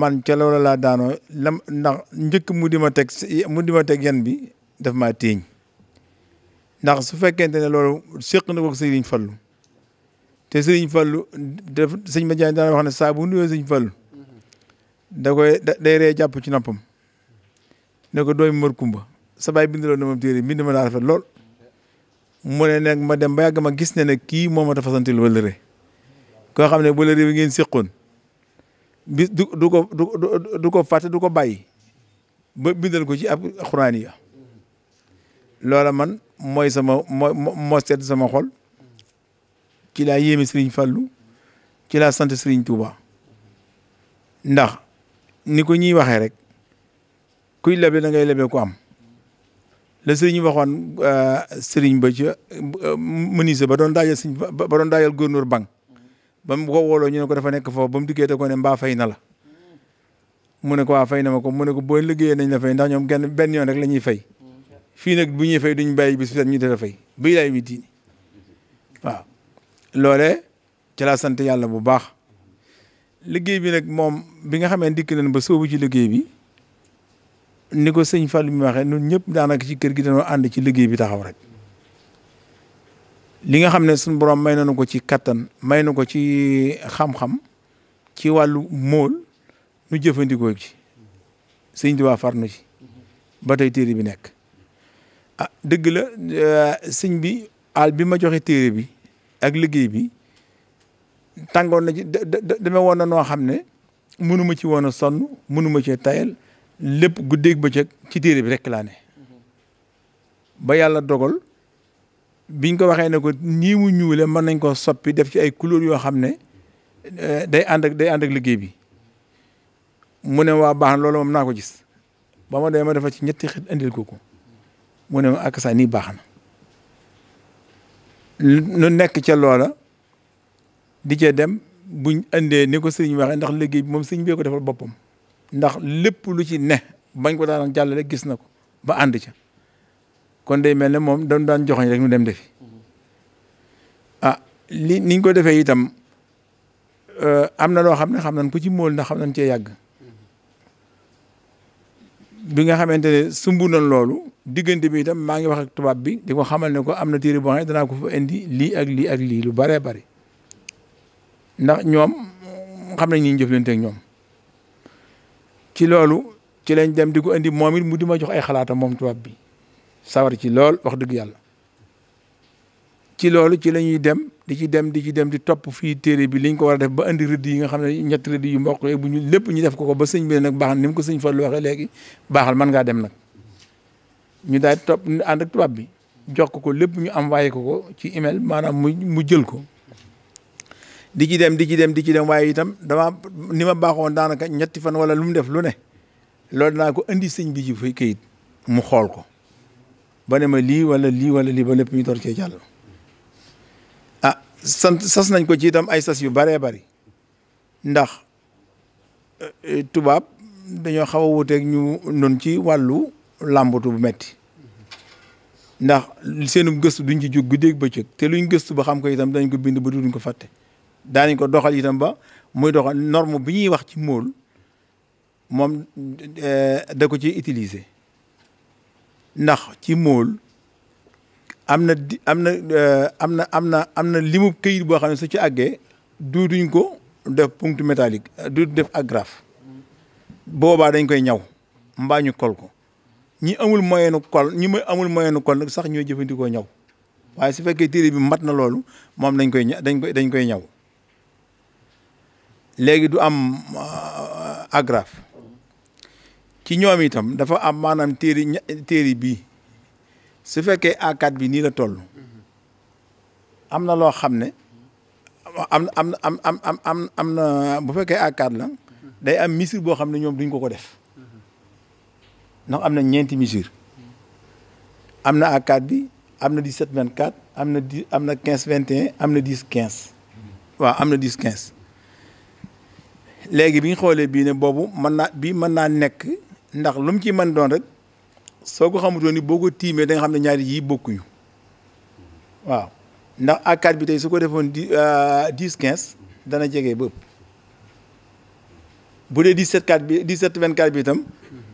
man ca loola laa daanoo lam ndax njëkk mu di ma teg mu di yan bi daf maa téeñ ndax su fekkente ne loolu séq na ko sëriñ fallu te sëriñ fallu daf sëñ ma jaan daan wax ne saa bu nuyoo sëriñ fallu da koy day ree jàpp ci noppam ne ko doomi mër kumba sa baay bind loolu na moom téere bind ma daa rafet lool mu ne nag ma dem ba yàgg ma gis ne ne kii moom a ta fasantil wala ré koo xam ne wala ré bi ngeen séqoon bis du du ko du du ko fàtte du ko bàyyi ba bindal ko ci ab xuraan ya loola man mooy sama moo moo sedd sama xol ci la yéeme Serigne Fallou ci laa sant Serigne Touba ndax ni ko ñuy waxee rek kuy leble da ngay leble ko am la Serigne waxoon euh, Serigne ba ci euh, menuisier ba doon daajal Serigne ba doon daajal gouverneur banque ba mu ko wooloo ñu ko dafa nekk foofu ba mu dikkee da ko ne mbaa fay na la mu ne ko waa ah, fay na ma ko mu ne ko boo liggéeyee nañ la fay ndax ñoom kenn benn yoon rek la ñuy fay fii nag bu ñuy fay duñ bàyyi bis ñu def fay bii laay witti waaw loolee ci laa sant yàlla bu baax liggéey bi nag moom bi nga xamee dikk nañ ba sóobu ci liggéey bi ni ko sëñ Fallou mi waxee ñun ñëpp daanaka ci kër gi dañoo ànd ci liggéey bi taxaw rek. li nga xam ne suñu borom may na nu ko ci kattan may na ko ci xam-xam ci wàllu mool nu jëfandikoo ci sëñ Tuubaa farnu ci ba tey téere bi nekk ah dëgg la eh, sëñ bi àll bi ma joxe téere bi ak liggéey bi tàngoon na ci deme woon na noo xam ne mënuma ci woon a sonn mënuma ci tayal lépp ba bëccëg ci téere bi rekk laa ne ba yàlla dogal biñ ko waxee ne ko nii mu ñuule mën nañ ko soppi def ci ay couleur yoo xam ne euh, day ànd ak day ànd liggéey bi mu ne waa baax na loolu moom naa ko gis ba ma demee ma dafa ci ñetti xit indil ko ko mu ne ma ak saa nii baax na nu nekk ca loola di ca dem buñ indee ni ko sëriñ waxee ndax liggéey bi moom sëriñ bee ko defal boppam ndax lépp lu ci ne bañ ko daan jàllale gis na ko ba ànd ca kon day mel ne moom dañ daan joxoñ rek mu dem defi ah li niñ ko defee itam euh, am na loo xam ne xam nañ ko ci mool ndax xam nañ cee yàgg bi nga xamante ne sumb nañ loolu diggante bi maa ngi wax tubaab bi di xamal ne ko am na téere boo danaa ko fa indi lii ak lii ak lii lu baree bari ndax ñoom xam nañ ni ñu jëflante ak ñoom ci loolu ci lañ dem di ko indi moom it mu di ma jox ay xalaatam moom tubaab bi sawar ci lool wax dëgg yàlla ci loolu ci la ñuy dem di ci dem di ci dem di topp fii téere bi liñ ko war a def ba indi rëdd yi nga xam ne ñetti rëdd yu mbokk bu ñu lépp ñu def ko ko ba sëñ bi nag baaxal ni ko sëñ Fallu waxee léegi baaxal mën ngaa dem nag ñu daal topp ànd ak bi jox ko ko lépp ñu envoyé ko ko ci email maanaam mu mu jël ko di ci dem di ci dem di ci dem waaye itam dama ni ma baaxoon daanaka ñetti fan wala lu mu def lu ne loolu danaa ko indi sëñ bi ci fay kayit mu xool ko ba ne ma lii wala lii wala lii ba lépp ñu door cee jàll. ah sas nañ ko ci itam ay sas yu bëree bari ndax eh, eh, tubaab dañoo xaw a wuuteeg ñu noonu ci wàllu làmbatu bu metti ndax seenu gëstu duñ ci jóg ba bëccëg te luñ gëstu ba xam ko itam dañ ko bind ba duñ ko fàtte daanañ ko doxal itam ba muy doxal norme bi ñuy wax ci mool moom eh, da ko ci utilise ndax ci mool am na di am na euh, am na am na am na limu këyit boo xam ne su ci àggee duutuñ ko def ponte métallique euh, du def agrafe boobaa dañ koy ñaw mbaa ñu kol ko ñi amul moyenu kol ñi amul moyenu kol nag sax ñooy jëfandikoo ñaw waaye su fekkee téere bi mat na loolu moom dañ koy dañ koy dañ koy ñaw léegi du am euh, agraf ci ñoom itam dafa am maanaam téeri téeri bii su fekkee A4 bi nii la toll am na loo xam ne am am am am am am am na bu fekkee A4 la day am mesure boo xam ne ñoom duñ ko ko def ndax am na ñeenti mesure am na A4 bi am na 17 24 am na 10 am na 15 21 am na 10 15 waaw am na 10 15 léegi bi ñu xoolee bii ne boobu mën naa bii mën naa nekk ndax lu mu ci mën doon rek soo ko xamutoon ni boo ko tiimee da nga xam ne ñaari yii bokkuñu waaw ndax a bi tey su ko defoon di euh, dix quinze dana jege ba bu dee dix sept quatre bi dix sept vingt quatre bi itam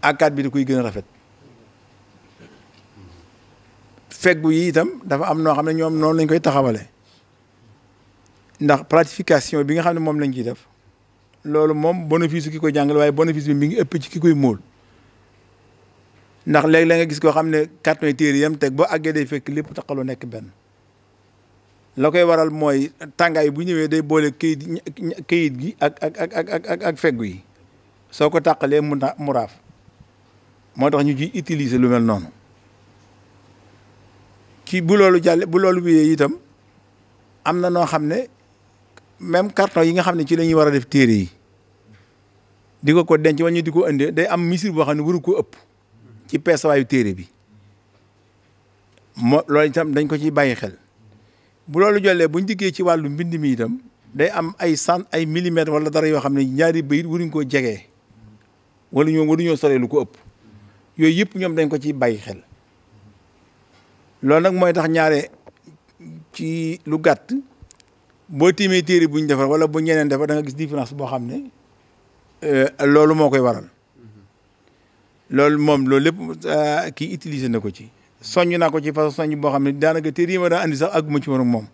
a bi da koy gën a rafet feggu yi itam dafa am noo xam ne ñoom noonu lañ koy taxawale ndax platification bi nga xam ne moom lañ ciy def loolu moom bénéfice ki koy jàngale waaye bénéfice bi mi ngi ëpp ci ki koy móol ndax léeg-léeg nga gis koo xam ne carton yi téere yam teg boo àggee day fekk lépp taqalu nekk benn la koy waral mooy tàngaay bu ñëwee day boole kayit kayit gi ak ak ak ak ak ak yi soo ko tàqalee mu mu raaf moo tax ñu ciy utiliser lu mel noonu ci bu loolu jàlle bu loolu wiyee itam am na noo xam ne même carton yi nga xam ne ci la ñuy war a def téere yi di ko ko denc wa ñu di ko indee day am misir boo xam ne waru ko ëpp ci peesawaayu téere bi moo loolu itam dañ ko ciy bàyyi xel bu loolu jollee buñ diggee ci wàllu mbind mi itam day am ay cent ay millimètres wala dara yoo xam ne ñaari bayit waruñ koo jegee wala ñoom waruñoo soree lu ko ëpp yooyu yëpp ñoom dañ ko ci bàyyi xel loolu nag mooy tax ñaare ci lu gàtt boo tiimee téere buñ defar wala bu ñeneen defar da nga gis différence boo xam ne euh, loolu moo koy waral loolu moom loolu lépp euh, kii utiliser na ko ci soññ naa ko ci façon soññ boo xam ne daanaka te ma daa andi sax àgguma ci woon moom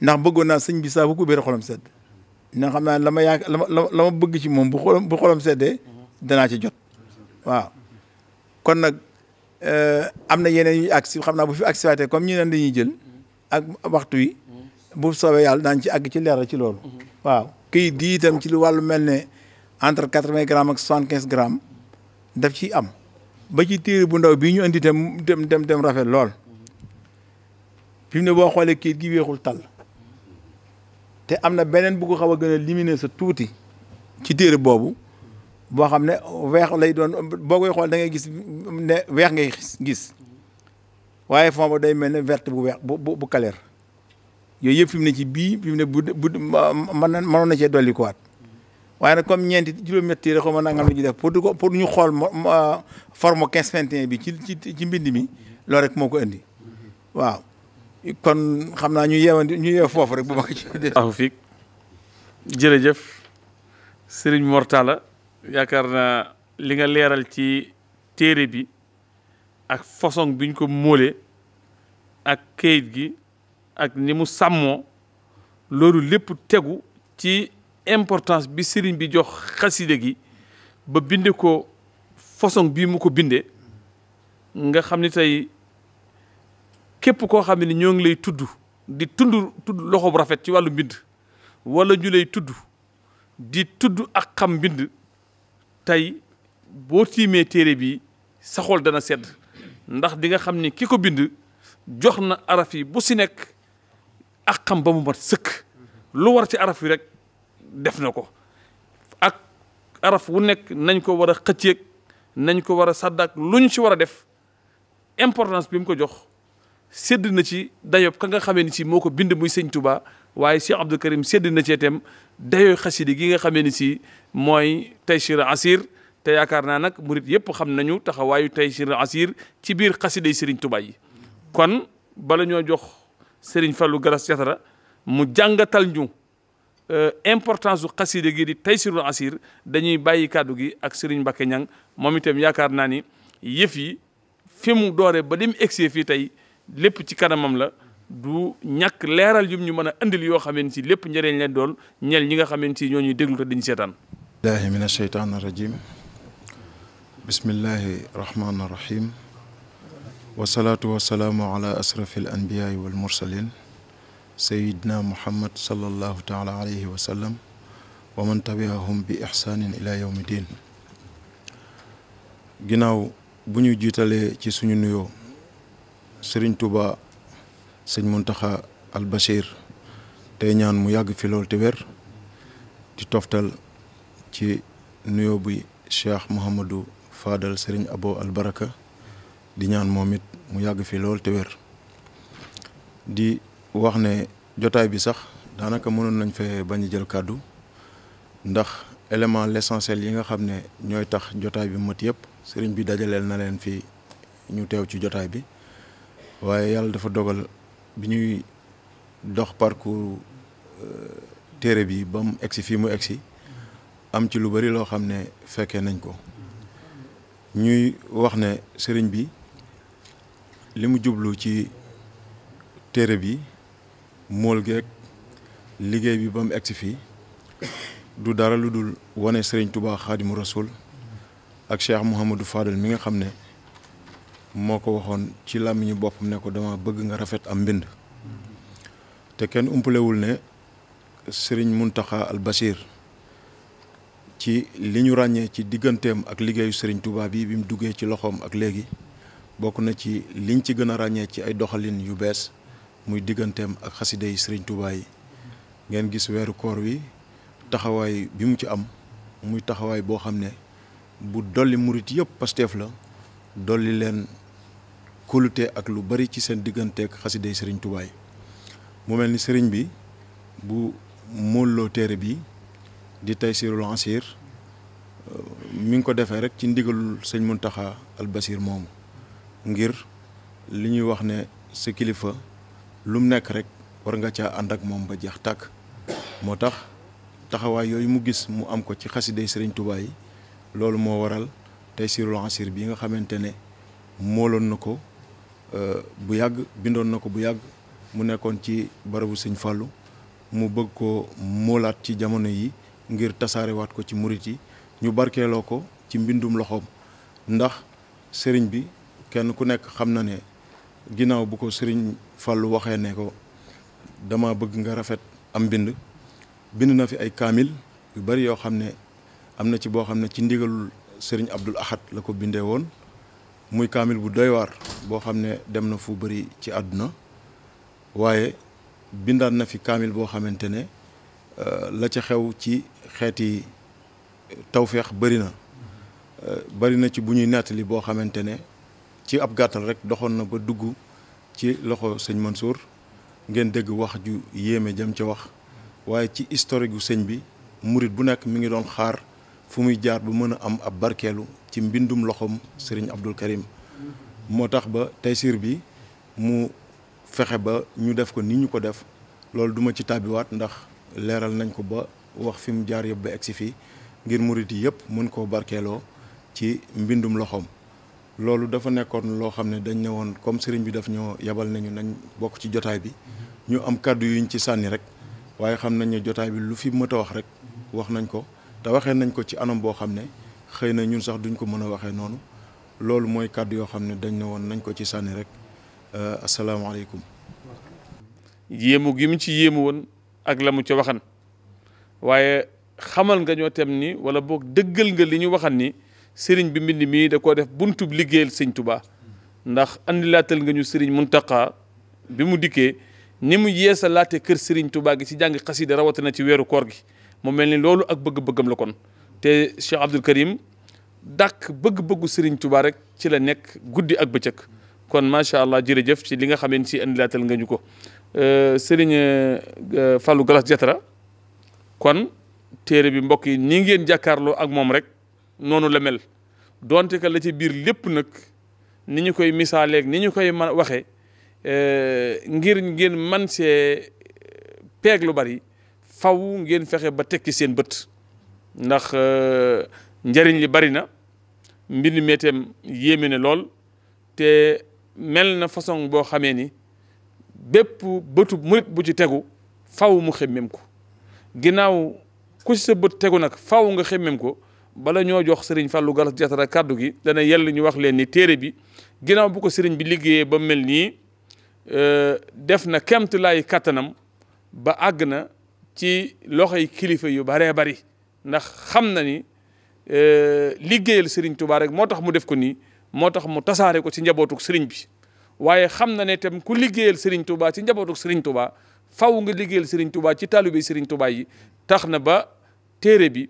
ndax bëggoon naa sëñ bi saa bu ko ubbee xolam sedd ndax xam naa la ma yaak la ma la bëgg ci moom bu xolam bu xolam seddee danaa ci jot waaw kon nag euh, am na yeneen yu àgg si xam naa bu fi àgg si waatee comme ñu neen dañuy jël ak waxtu wi bu soobee yàlla daañu ci àgg ci leeral ci loolu waaw këyit gi itam ci lu wàllu mel ne entre quatre-vingts grammes ak quinze daf ci am ba ci téere bu ndaw bii ñu indi tam dem dem dem rafet lool fi mu ne boo xoolee kayit gi weexul tal te am na beneen bu ko xaw a gën a sa tuuti ci téere boobu boo xam ne weex lay doon boo koy xool da ngay gis ne weex ngay gis waaye fond ba day mel ne verte bu weex bu bu kaleer yooyu yëpp fi mu ne ci bii fi mu ne bu ma mën na mënoon na cee dolli ko waaye nag comme ñeenti juróom-ñett yi rek xaw ma nangam la ñuy pour pour ñu xool forme 15 21 bi ci ci ci mbind mi loo rek moo ko indi waaw kon xam naa ñu yeewandi ñu yeew foofu rek bu ma ko ci dee. waaw fii jërëjëf Serigne Mortala yaakaar naa li nga leeral ci téere bi ak façon biñ ko móolee ak kayit gi ak ni mu sàmmoo loolu lépp tegu ci. importance bi sëriñ bi jox xaside gi ba binde ko façon bii mu ko bindee nga xam ni tey képp koo xam ne ñoo ngi lay tudd di tund tudd loxo bu rafet ci wàllu mbind wala ñu lay tudd di tudd ak xam mbind tey boo tiimee téere bi saxool dana sedd ndax di nga xam ni ki ko bind jox na araf yi bu si nekk ak xam ba mu mat sëkk lu war ci araf yi rek def na ko ak araf wu nekk nañ ko war a xëcceeg nañ ko war a sàddaak luñ ci war a def importance bi mu ko jox sédd na ci dayop ka nga xamee ni si moo ko bind muy sëñ waaye Cheikh Abdou Karim sédd na ci itam dayoo xasidi gi nga xamee si mooy Taysiir Asir te yaakaar naa nag murit yëpp xam nañu taxawaayu Taysiir Asir ci biir xasiday Serigne Touba yi kon bala ñoo jox Serigne falu Garas Diatara mu jàngatal ñu Euh, importance du xaside gi di Taysirul Asir dañuy bàyyi kàddu gi ak Serigne Mbacké Niang moom itam yaakaar naa ni yëf yi fi mu dooree ba li mu egsee fii tey lépp ci kanamam la du ñàkk leeral yum ñu mën a indil yoo xamante si lépp njëriñ leen doon ñel ñi nga xamante si ñoo ñuy déglu te dañu seetaan billahi min asheytaan arrajim bismillahi rahmaan arrahim wasalaatu wasalaamu ala asrafi al anbiyaai sayidna muhammad sallallahu taala alayhi wa wa man tabiahum bi ixsaanin ila yawmi ginnaaw bu ñu jiitalee ci suñu nuyoo sëriñ tuba sëñ muntaxa al bachir tey ñaan mu yàgg fi lool te wér di toftal ci nuyoo bi cheikh mohamadou fadal sëriñ abo al baraka di ñaan moom it mu yàgg fi lool te wér di wax ne jotaay bi sax daanaka mënoon nañ fee bañ a jël kàddu ndax élément l'essentiel yi nga xam ne ñooy tax jotaay bi mët yëpp sëriñ bi dajaleel na leen fii ñu teew ci jotaay bi waaye yàlla dafa dogal bi ñuy dox parcours euh, téere bi ba mu egsi fii mu egsi am ci lu bari loo xam ne fekkee nañ ko ñuy wax ne sëriñ bi li mu jublu ci téere bi mool geeg liggéey bi ba mu egsi fii du dara lu dul wane sëriñ Touba Xaadimu Rasul ak Cheikh Mouhamadou Fadel mi nga xam ne moo ko waxoon ci làmmiñu boppam ne ko dama bëgg nga rafet am mbind te kenn umpalewul ne Serigne Mountakha Al Bachir ci li ñu ràññee ci digganteem ak liggéeyu Serigne Touba bi bi mu duggee ci loxoom ak léegi bokk na ci liñ ci gën a ràññee ci ay doxalin yu bees muy digganteem ak xasida yi sëriñ Tuubaa yi ngeen gis weeru koor wi taxawaay bi mu ci am muy taxawaay boo xam ne bu dolli murit yëpp Pastef la dolli leen kóolute ak lu bari ci seen digganteeg xasida yi sëriñ Tuubaa mu mel ni sëriñ bi bu móolloo téere bi di Taysirul Ansir euh, mi ngi ko defee rek ci ndigalul sëñ Muntaxa Albasir moomu ngir li ñuy wax ne sa kilifa lu nekk rek war nga caa ànd ak moom ba jeex tàkk moo tax taxawaay yooyu mu gis mu am ko ci xasiday Serigne Touba yi loolu moo waral Taysiirul Asiir bi nga xamante ne mooloon na ko euh, bu yàgg bindoon na ko bu yàgg mu nekkoon ci barabu Sëñ Fàllu mu bëgg ko moolaat ci jamono yi ngir tasaarewaat ko ci murit yi ñu barkeeloo ko ci mbindum loxoom ndax sëriñ bi kenn ku nekk xam na ne ginnaaw bu ko sëriñ Fàllu waxee ne ko dama bëgg nga rafet am bind bind na fi ay kaamil yu bari yoo xam ne am na ci boo xam ne ci ndigalul sëriñ Abdul Ahad la ko bindee woon muy kaamil bu doy waar boo xam ne dem na fu bari ci àdduna waaye bindaan na fi kaamil boo xamante ne euh, la ca xew ci xeeti tawféex bari na euh, bari na ci bu ñuy nettali boo xamante ne ci ab gàttal rek doxoon na ba dugg ci loxo sëñ Mansour ngeen dégg wax ju yéeme jëm ca wax waaye ci historique gu sëñ bi murit bu nekk mi ngi doon xaar fu muy jaar ba mën a am ab barkeelu ci mbindum loxoom sëriñ Abdul Karim moo tax ba Taysiir bi mu fexe ba ñu def ko ni ñu ko def loolu duma ci tàbbiwaat ndax leeral nañ ko ba wax fi mu jaar yëpp ba egsi fii ngir murit yi yëpp mën koo barkeeloo ci mbindum loxoom loolu dafa nekkoon loo xam ne dañ ne woon comme sëriñ bi daf ñoo yebal nañu nañ bokk ci jotaay bi ñu am kàddu yuñ ci sànni rek waaye xam nañ ne jotaay bi lu fi mët a wax rek wax nañ ko te waxee nañ ko ci anam boo xam ne xëy na ñun sax duñ ko mën a waxee noonu loolu mooy kàddu yoo xam ne dañ ne woon nañ ko ci sànni rek euh, asalaamaaleykum. yéemu gi mu ci yéemu woon ak la mu ca waxan waaye xamal nga ñoo tem ni wala boog dëggal nga li ñu waxan ni. sëriñ bi mbind mii da koo def buntub liggéeyal sëñ Tuubaa ndax andilaatal nga ñu mun Muntaqa bi mu dikkee ni mu yeesa laate kër sëriñ Tuubaa gi ci jàng xasida rawatina ci weeru koor gi mu mel ni loolu ak bëgg-bëggam la kon te Cheikh Abdou Karim dàkk bëgg-bëggu sëriñ Tuubaa rek ci la nekk guddi ak bëccëg kon macha allah jërëjëf ci li nga xameen si andilaatal nga ñu ko euh, sëriñ euh, Fallou Galas Jatra kon téere bi mbokk yi nii ngeen jàkkaarloo ak moom rek noonu la mel donte que la ci biir lépp nag ni ñu koy misaaleeg ni ñu koy man waxee eh, ngir ngeen man see peeg lu bari faw ngeen fexe ba tekki seen bët ndax eh, njariñ li bari na mbind meeteem yéeme ne lool te mel na façon boo xamee ni bépp bëtu murit bu ci tegu faw mu xemmem ko ginnaaw ku ci sa bët tegu nag faw nga xemmem ko bala ñoo jox sëriñ Fallou Gallas Diattara kàddu gi dana yell ñu wax leen ni téere bi ginnaaw bu ko sëriñ bi liggéeyee ba mel nii euh, def na kemt lay kattanam ba àgg na ci loxoy kilifa yu baree bari ndax xam na ni euh, liggéeyal sëriñ Touba rek moo tax mu def ko nii moo tax mu tasaare ko ci njabootuk sëriñ bi waaye xam na ne tam ku liggéeyal sëriñ Touba ci njabootuk sëriñ Touba faw nga liggéeyal sëriñ Touba ci taalibe sëriñ Touba yi tax na ba téere bi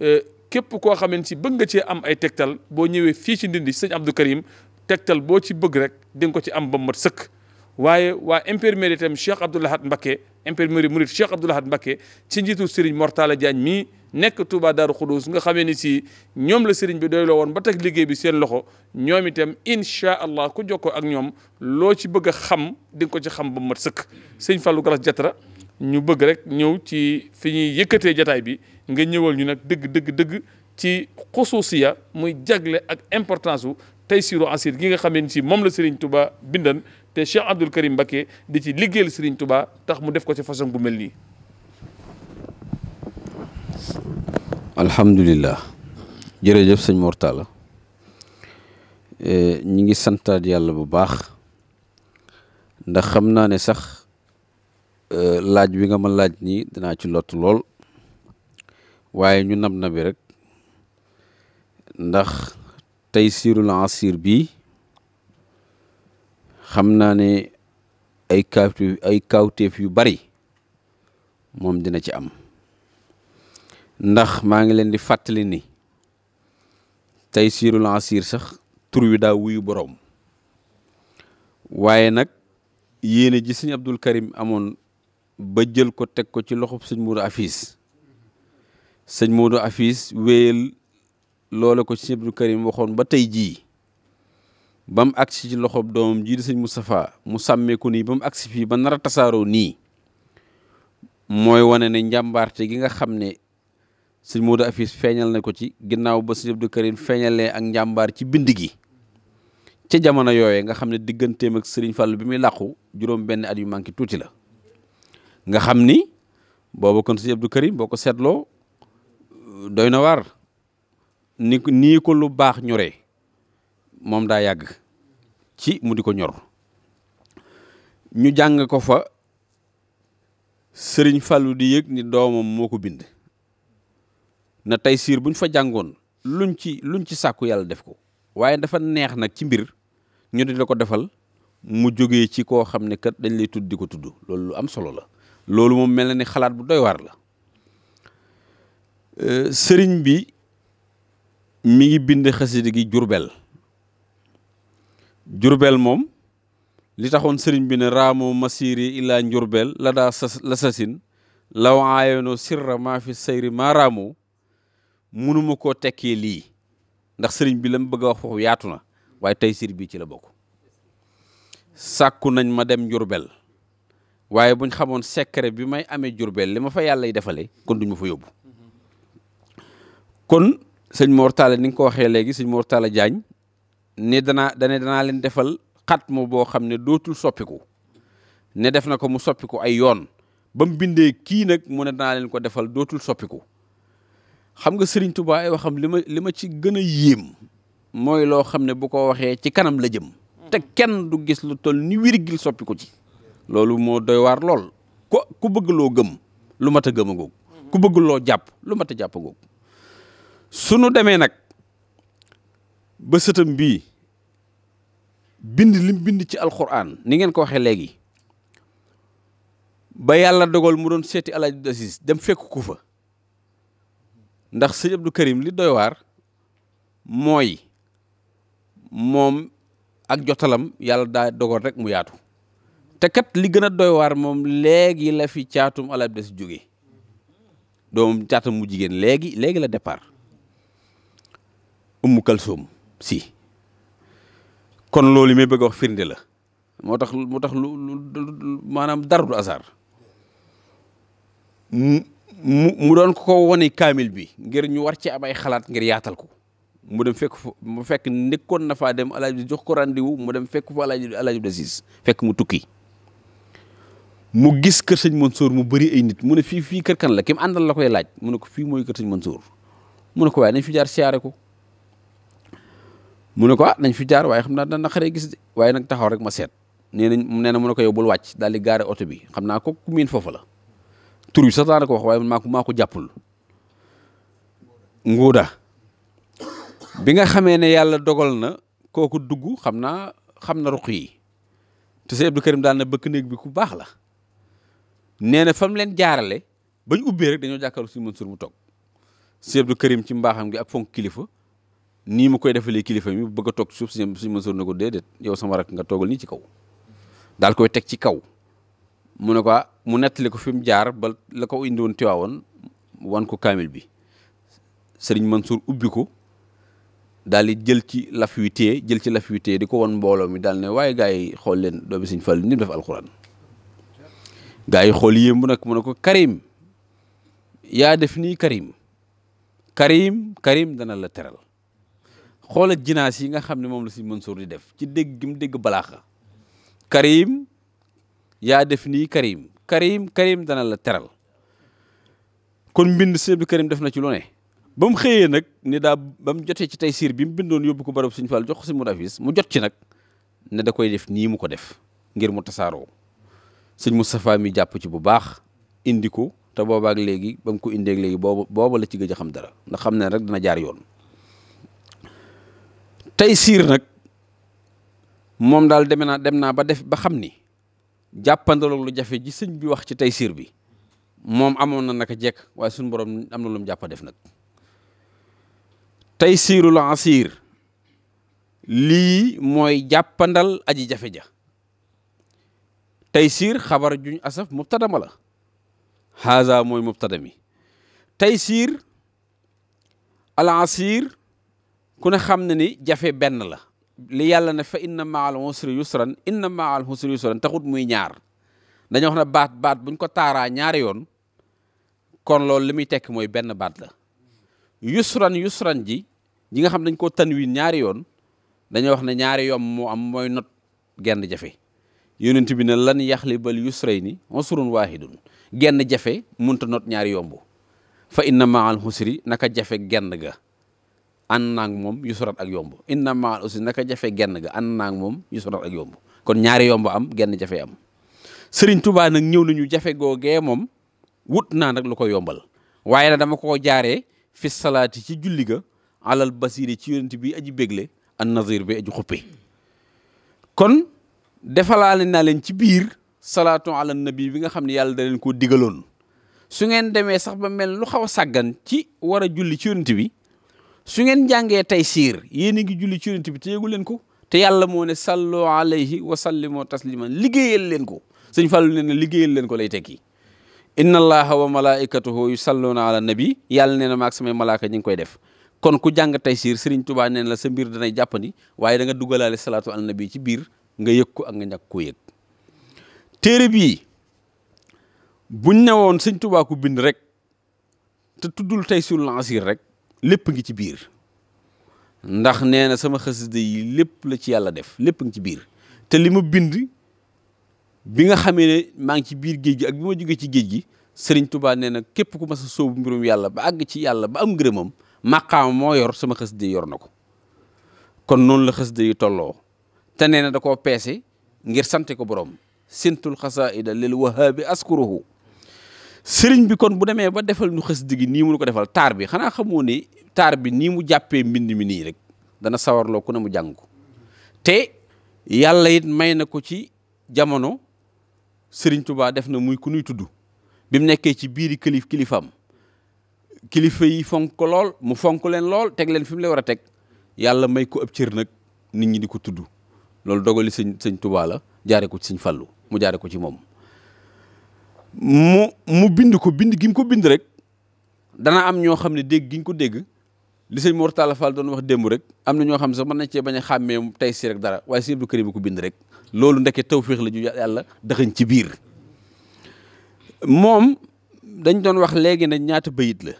euh, képp koo xamante si bëgg nga cee am ay tegtal boo ñëwee fii ci ndindi sëñ Abdou Karim tegtal boo ci bëgg rek di nga ko ci am ba mat sëkk waaye waa imprimerie itam Cheikh Abdou Lahad Mbacké imprimerie murid Cheikh Abdou Lahad Mbacké ci njiitu Serigne Mortala Diagne mii nekk Touba Darou Khoudoss nga xamee ni si ñoom la Serigne bi doy loo woon ba teg liggéey bi seen loxo ñoom itam incha allah ku jokkoo ak ñoom loo ci bëgg xam di nga ko ci xam ba mat sëkk sëñ Fallou Galas Jatra ñu bëgg rek ñëw ci fi yëkkatee jataay bi nga ñëwal ñu nag dëgg dëgg dëgg ci xusuusiya muy jagle ak importance wu taysiru asir gi nga xamee ni si moom la Serigne tubaa bindan te Cheikh Abdoul Karim Mbacké di ci liggéeyal Serigne tubaa tax mu def ko ci façon bu mel nii. alhamdulilah jërëjëf sëñ Mortala e, ñu ngi santaat yàlla bu baax ndax xam naa ne sax e, laaj bi nga ma laaj nii danaa ci lott lool waaye ñu nab nabi rek ndax tey siirul asir bii xam naa ne ay kawteef ay kawteef yu bari moom dina ci am ndax maa ngi leen di fàttali ni tey siirul asir sax tur wi daa wuyu boroom waaye nag yéene ji sëñ Abdul Karim amoon ba jël ko teg ko ci loxob sëñ Mourou Afis sëñ Modou Afis wéyal loola ko sëñ Abdou Karim waxoon ba tey jii ba mu agsi ci loxob doom jii di sëñ Moustapha mu sàmmee ko nii ba mu agsi fii ba nar a tasaaroo nii mooy wane ne njàmbaarte gi nga xam ne sëñ Modou Afis feeñal na ko ci ginnaaw ba sëñ Abdou Karim feeñalee ak njàmbaar ci bind gi ca jamono yooye nga xam ne digganteem ak sëriñ Fall bi muy làqu juróom benn at yu manqué tuuti la nga xam ni boobu kon sëñ Abdou Karim boo ko seetloo doy na waar ni nii ko lu baax ñoree moom daa yàgg ci mu di ko ñor ñu jàng ko fa sëriñ Fallou di yëg ni doomam moo ko bind na tey siir buñ fa jàngoon luñ ci luñ ci sàkku yàlla def ko waaye dafa neex nag ci mbir ñu di la ko defal mu jógee ci koo xam ne kat dañ lay tudd di ko tudd loolu lu am solo la loolu moom mel na ni xalaat bu doy waar la sëriñ bi mi ngi bind xasida gi jurbel jurbel moom li taxoon sëriñ bi ne raamu masiri ilaa njurbel la daa sas la sasin law aayonoo sirra maa fi sayri maa raamu munuma koo tekkee lii ndax sëriñ bi la mu bëgg a wax foofu yaatu na waaye tey sir bi ci la bokk sàkku nañ ma dem njurbel waaye buñ xamoon secret bi may amee jurbel li ma fa yàlla y defale kon duñ ma fa yóbbu kon sëñ Mor Talla ni nga ko waxee léegi sëñ Mor Talla Diagne ne danaa dane danaa leen defal xatmu boo xam ne dootul soppiku ne def na ko mu soppiku ay yoon ba mu bindee kii nag mu ne danaa leen ko defal dootul soppiku xam nga Serigne Touba ay waxam li ma li ma ci gën a yéem mooy loo xam ne bu ko waxee ci kanam la jëm. Mm. te kenn du gis lu toll ni wirgil soppiku ci. loolu moo doy waar lool. ko ku bëgg gëm lu mat a gëm a góog mm. ku bëgguloo loo jàpp lu mat a jàpp a góog su nu demee nag ba sëtam bii bind lim bind ci alxuraan ni ngeen ko waxee léegi ba yàlla dogal mu doon seeti El Hadj Aziz dem fekk ku fa ndax sëñ Abdou Karim li doy waar mooy moom ak jotalam yàlla daa dogal rek mu yaatu te kat li gën a doy waar moom léegi la fi caatum El Hadj Aziz jóge doom caatam mu jigéen léegi léegi la départ. Umu Kalsoom si kon loolu may bëgg wax firnde la moo tax moo tax lu maanaam dara du hasard mu mu doon ko wone kaamil bi ngir ñu war ci am ay xalaat ngir yaatal ko mu dem fekk fu mu fekk nekkoon na faa dem alaaji jox ko rendez-vous mu dem fekk fa alaaji de siis fekk mu tukki mu gis kër sëñ Mansour mu bari ay nit mu ne fii fii kër kan la ki mu àndal la koy laaj mu ne ko fii mooy kër sëñ Mansour mu ne ko waaye nañ fi jaar siyaare ko mu ne ko ah nañ fi jaar waaye xam naa dana naqaree gis de waaye nag taxaw rek ma seet nee nañ nee na mu ne ko yow bul wàcc daal di gaare oto bi xam naa ko ku miin foofu la tur bi sax daana ko wax waaye maa ko jàppul nguuda bi nga xamee ne yàlla dogal na kooku dugg xam naa xam na ruq yi te sëñ Abdou Karim daal na bëkk néeg bi ku baax la nee na fa leen jaarale bañ ubbee rek dañoo jàkkaarloo si Mansour mu toog sëñ Abdou Karim ci mbaaxam gi ak fonk kilifa nii mu koy defalee kilifa mi bëgg a toog suuf si suñu na ne ko déedéet yow sama rak nga toogal nii ci kaw daal koy teg ci kaw mu ne ko ah, mu nettali ko fi mu jaar ba la ko indiwoon Tiwaawoon wan ko kaamil bi sëriñ Mansour ubbi ko daal di jël ci laf wi jël ci laf wi di ko wan mbooloo mi daal ne waaye gaa yi xool leen doomi Sëriñ Fallu ni mu def alxuraan gaa yi xool yéem mu nag mu ne ko Karim yaa def nii Karim Karim Karim dana la teral xoola jinaas yi nga xam ne moom la si Mansour di def ci dégg gi mu dégg balaaxa Karim yaa def nii Karim Karim Karim dana la teral kon mbind sëñ bi Karim def na ci lu ba mu xëyee nag ni daa ba mu jotee ci tey siir bi mu bindoon yóbbu ko barab suñ Fall jox ko mu rafis mu jot ci nag ne da koy def nii mu ko def ngir mu tasaaroo sëñ Moustapha mi jàpp ci bu baax indi ko te boobaak léegi ba mu ko indeeg léegi booba la ci gëj a xam dara ndax xam ne rek dana jaar yoon tey siir nag moom daal deme naa dem naa ba def ba xam ni jàppandaloog lu jafe ji sëñ bi wax ci tey siir bi moom amoon na naka jekk waaye suñu boroom am na lu mu def nag tey siiru la lii mooy jàppandal aji jafe ja tey siir xabar juñ asaf mubtadama la haza mooy mubtada mi tey ku ne xam na ni jafe benn la li yàlla ne fa inna maal usri yusran inna maal usri yusran taxut muy ñaar dañoo wax na baat baat buñ ko taaraa ñaari yoon kon loolu li muy tekk mooy benn baat la yusran yusran ji ñi nga xam dañ koo tanwin ñaari yoon dañoo wax ne ñaari yoon moo am mooy not genn jafe yonent bi ne lan yaxlibal yusray ni usrun waahidun genn jafe munta not ñaari yomb fa inna maal usri naka jafe genn ga an naa moom yu surat ak yomb inna ma aussi naka jafe genn ga ànd naa moom yu surat ak yomb kon ñaari yomba am genn jafe am sëriñ tubaa nag ñëw nañu jafe googee moom wut naa nag lu ko yombal waaye nag dama ko jaaree fi salaati ci julli ga alal basiri ci yonent bi aji bégle an nazir bi aji xuppe kon defalaale naa leen ci biir salaatu ala na bi nga xam ne yàlla da ko koo digaloon su ngeen demee sax ba mel lu xaw a sàggan ci war a julli ci yonent bi su ngeen jàngee tey siir yéen a ngi julli ci yonent bi te yëgu leen ko te yàlla moo ne sallu alayhi wa sallimu tasliman liggéeyal leen ko sëñ Fallu leen ne liggéeyal leen ko lay tekki inna allaha wa malaikatahu yusalluna ala nabi yàlla nee na maag samay malaaka ñu ngi koy def kon ku jàng tey siir Sëriñ Tuubaa nee na la sa biir danay jàppandi waaye danga dugalaale salaatu ala nabi ci biir nga yëg ko ak nga ñàkk koo yëg téere bii buñ ne woon Sëñ Tuubaa bind rek te tuddul tey siir rek lépp ngi ci biir ndax nee na sama xasida yi lépp la ci yàlla def lépp ngi ci biir te li ma bind bi nga xamee ne maa ngi ci biir géej gi ak bi ma jógee ci géej gi sëriñ Touba nee na képp ku mas a mbirum yàlla ba àgg ci yàlla ba am ngërëmam maqaam moo yor sama xasida yi yor na ko kon noonu la xasida yi tolloo te nee na da koo peese ngir sante ko borom sintul xasaida lil wahaabi askuruhu sëriñ bi kon bu demee ba defal ñu xës digi nii mu nu ko defal taar bi xanaa xamoo ni taar bi nii mu jàppee mbind mi nii rek dana sawarloo ku ne mu jàng ko te yàlla yit may na ko ci jamono sëriñ tubaa def na muy ku nuy tudd bi mu nekkee ci biir kilif kilifam kilifa yi fonk lool mu fonk leen lool teg leen fi mu la war a teg yàlla may ko ëpp cër nag nit ñi di ko tudd loolu dogali sëñ sëñ Tuubaa la jaare ko ci sëñ Fallu mu jaare ko ci moom mu mu bind ko bind gi mu ko bind rek dana am ñoo xam ne dégg gi ñu ko dégg li sëñ Mor Talla Fall doon wax démb rek am na ñoo xam sax mën nañ bañ a xàmmee tey si rek dara waaye sëñ ko bind rek loolu ndeke tawféex la ju yàlla daxañ ci biir moom dañ doon wax léegi ne ñaata bayit la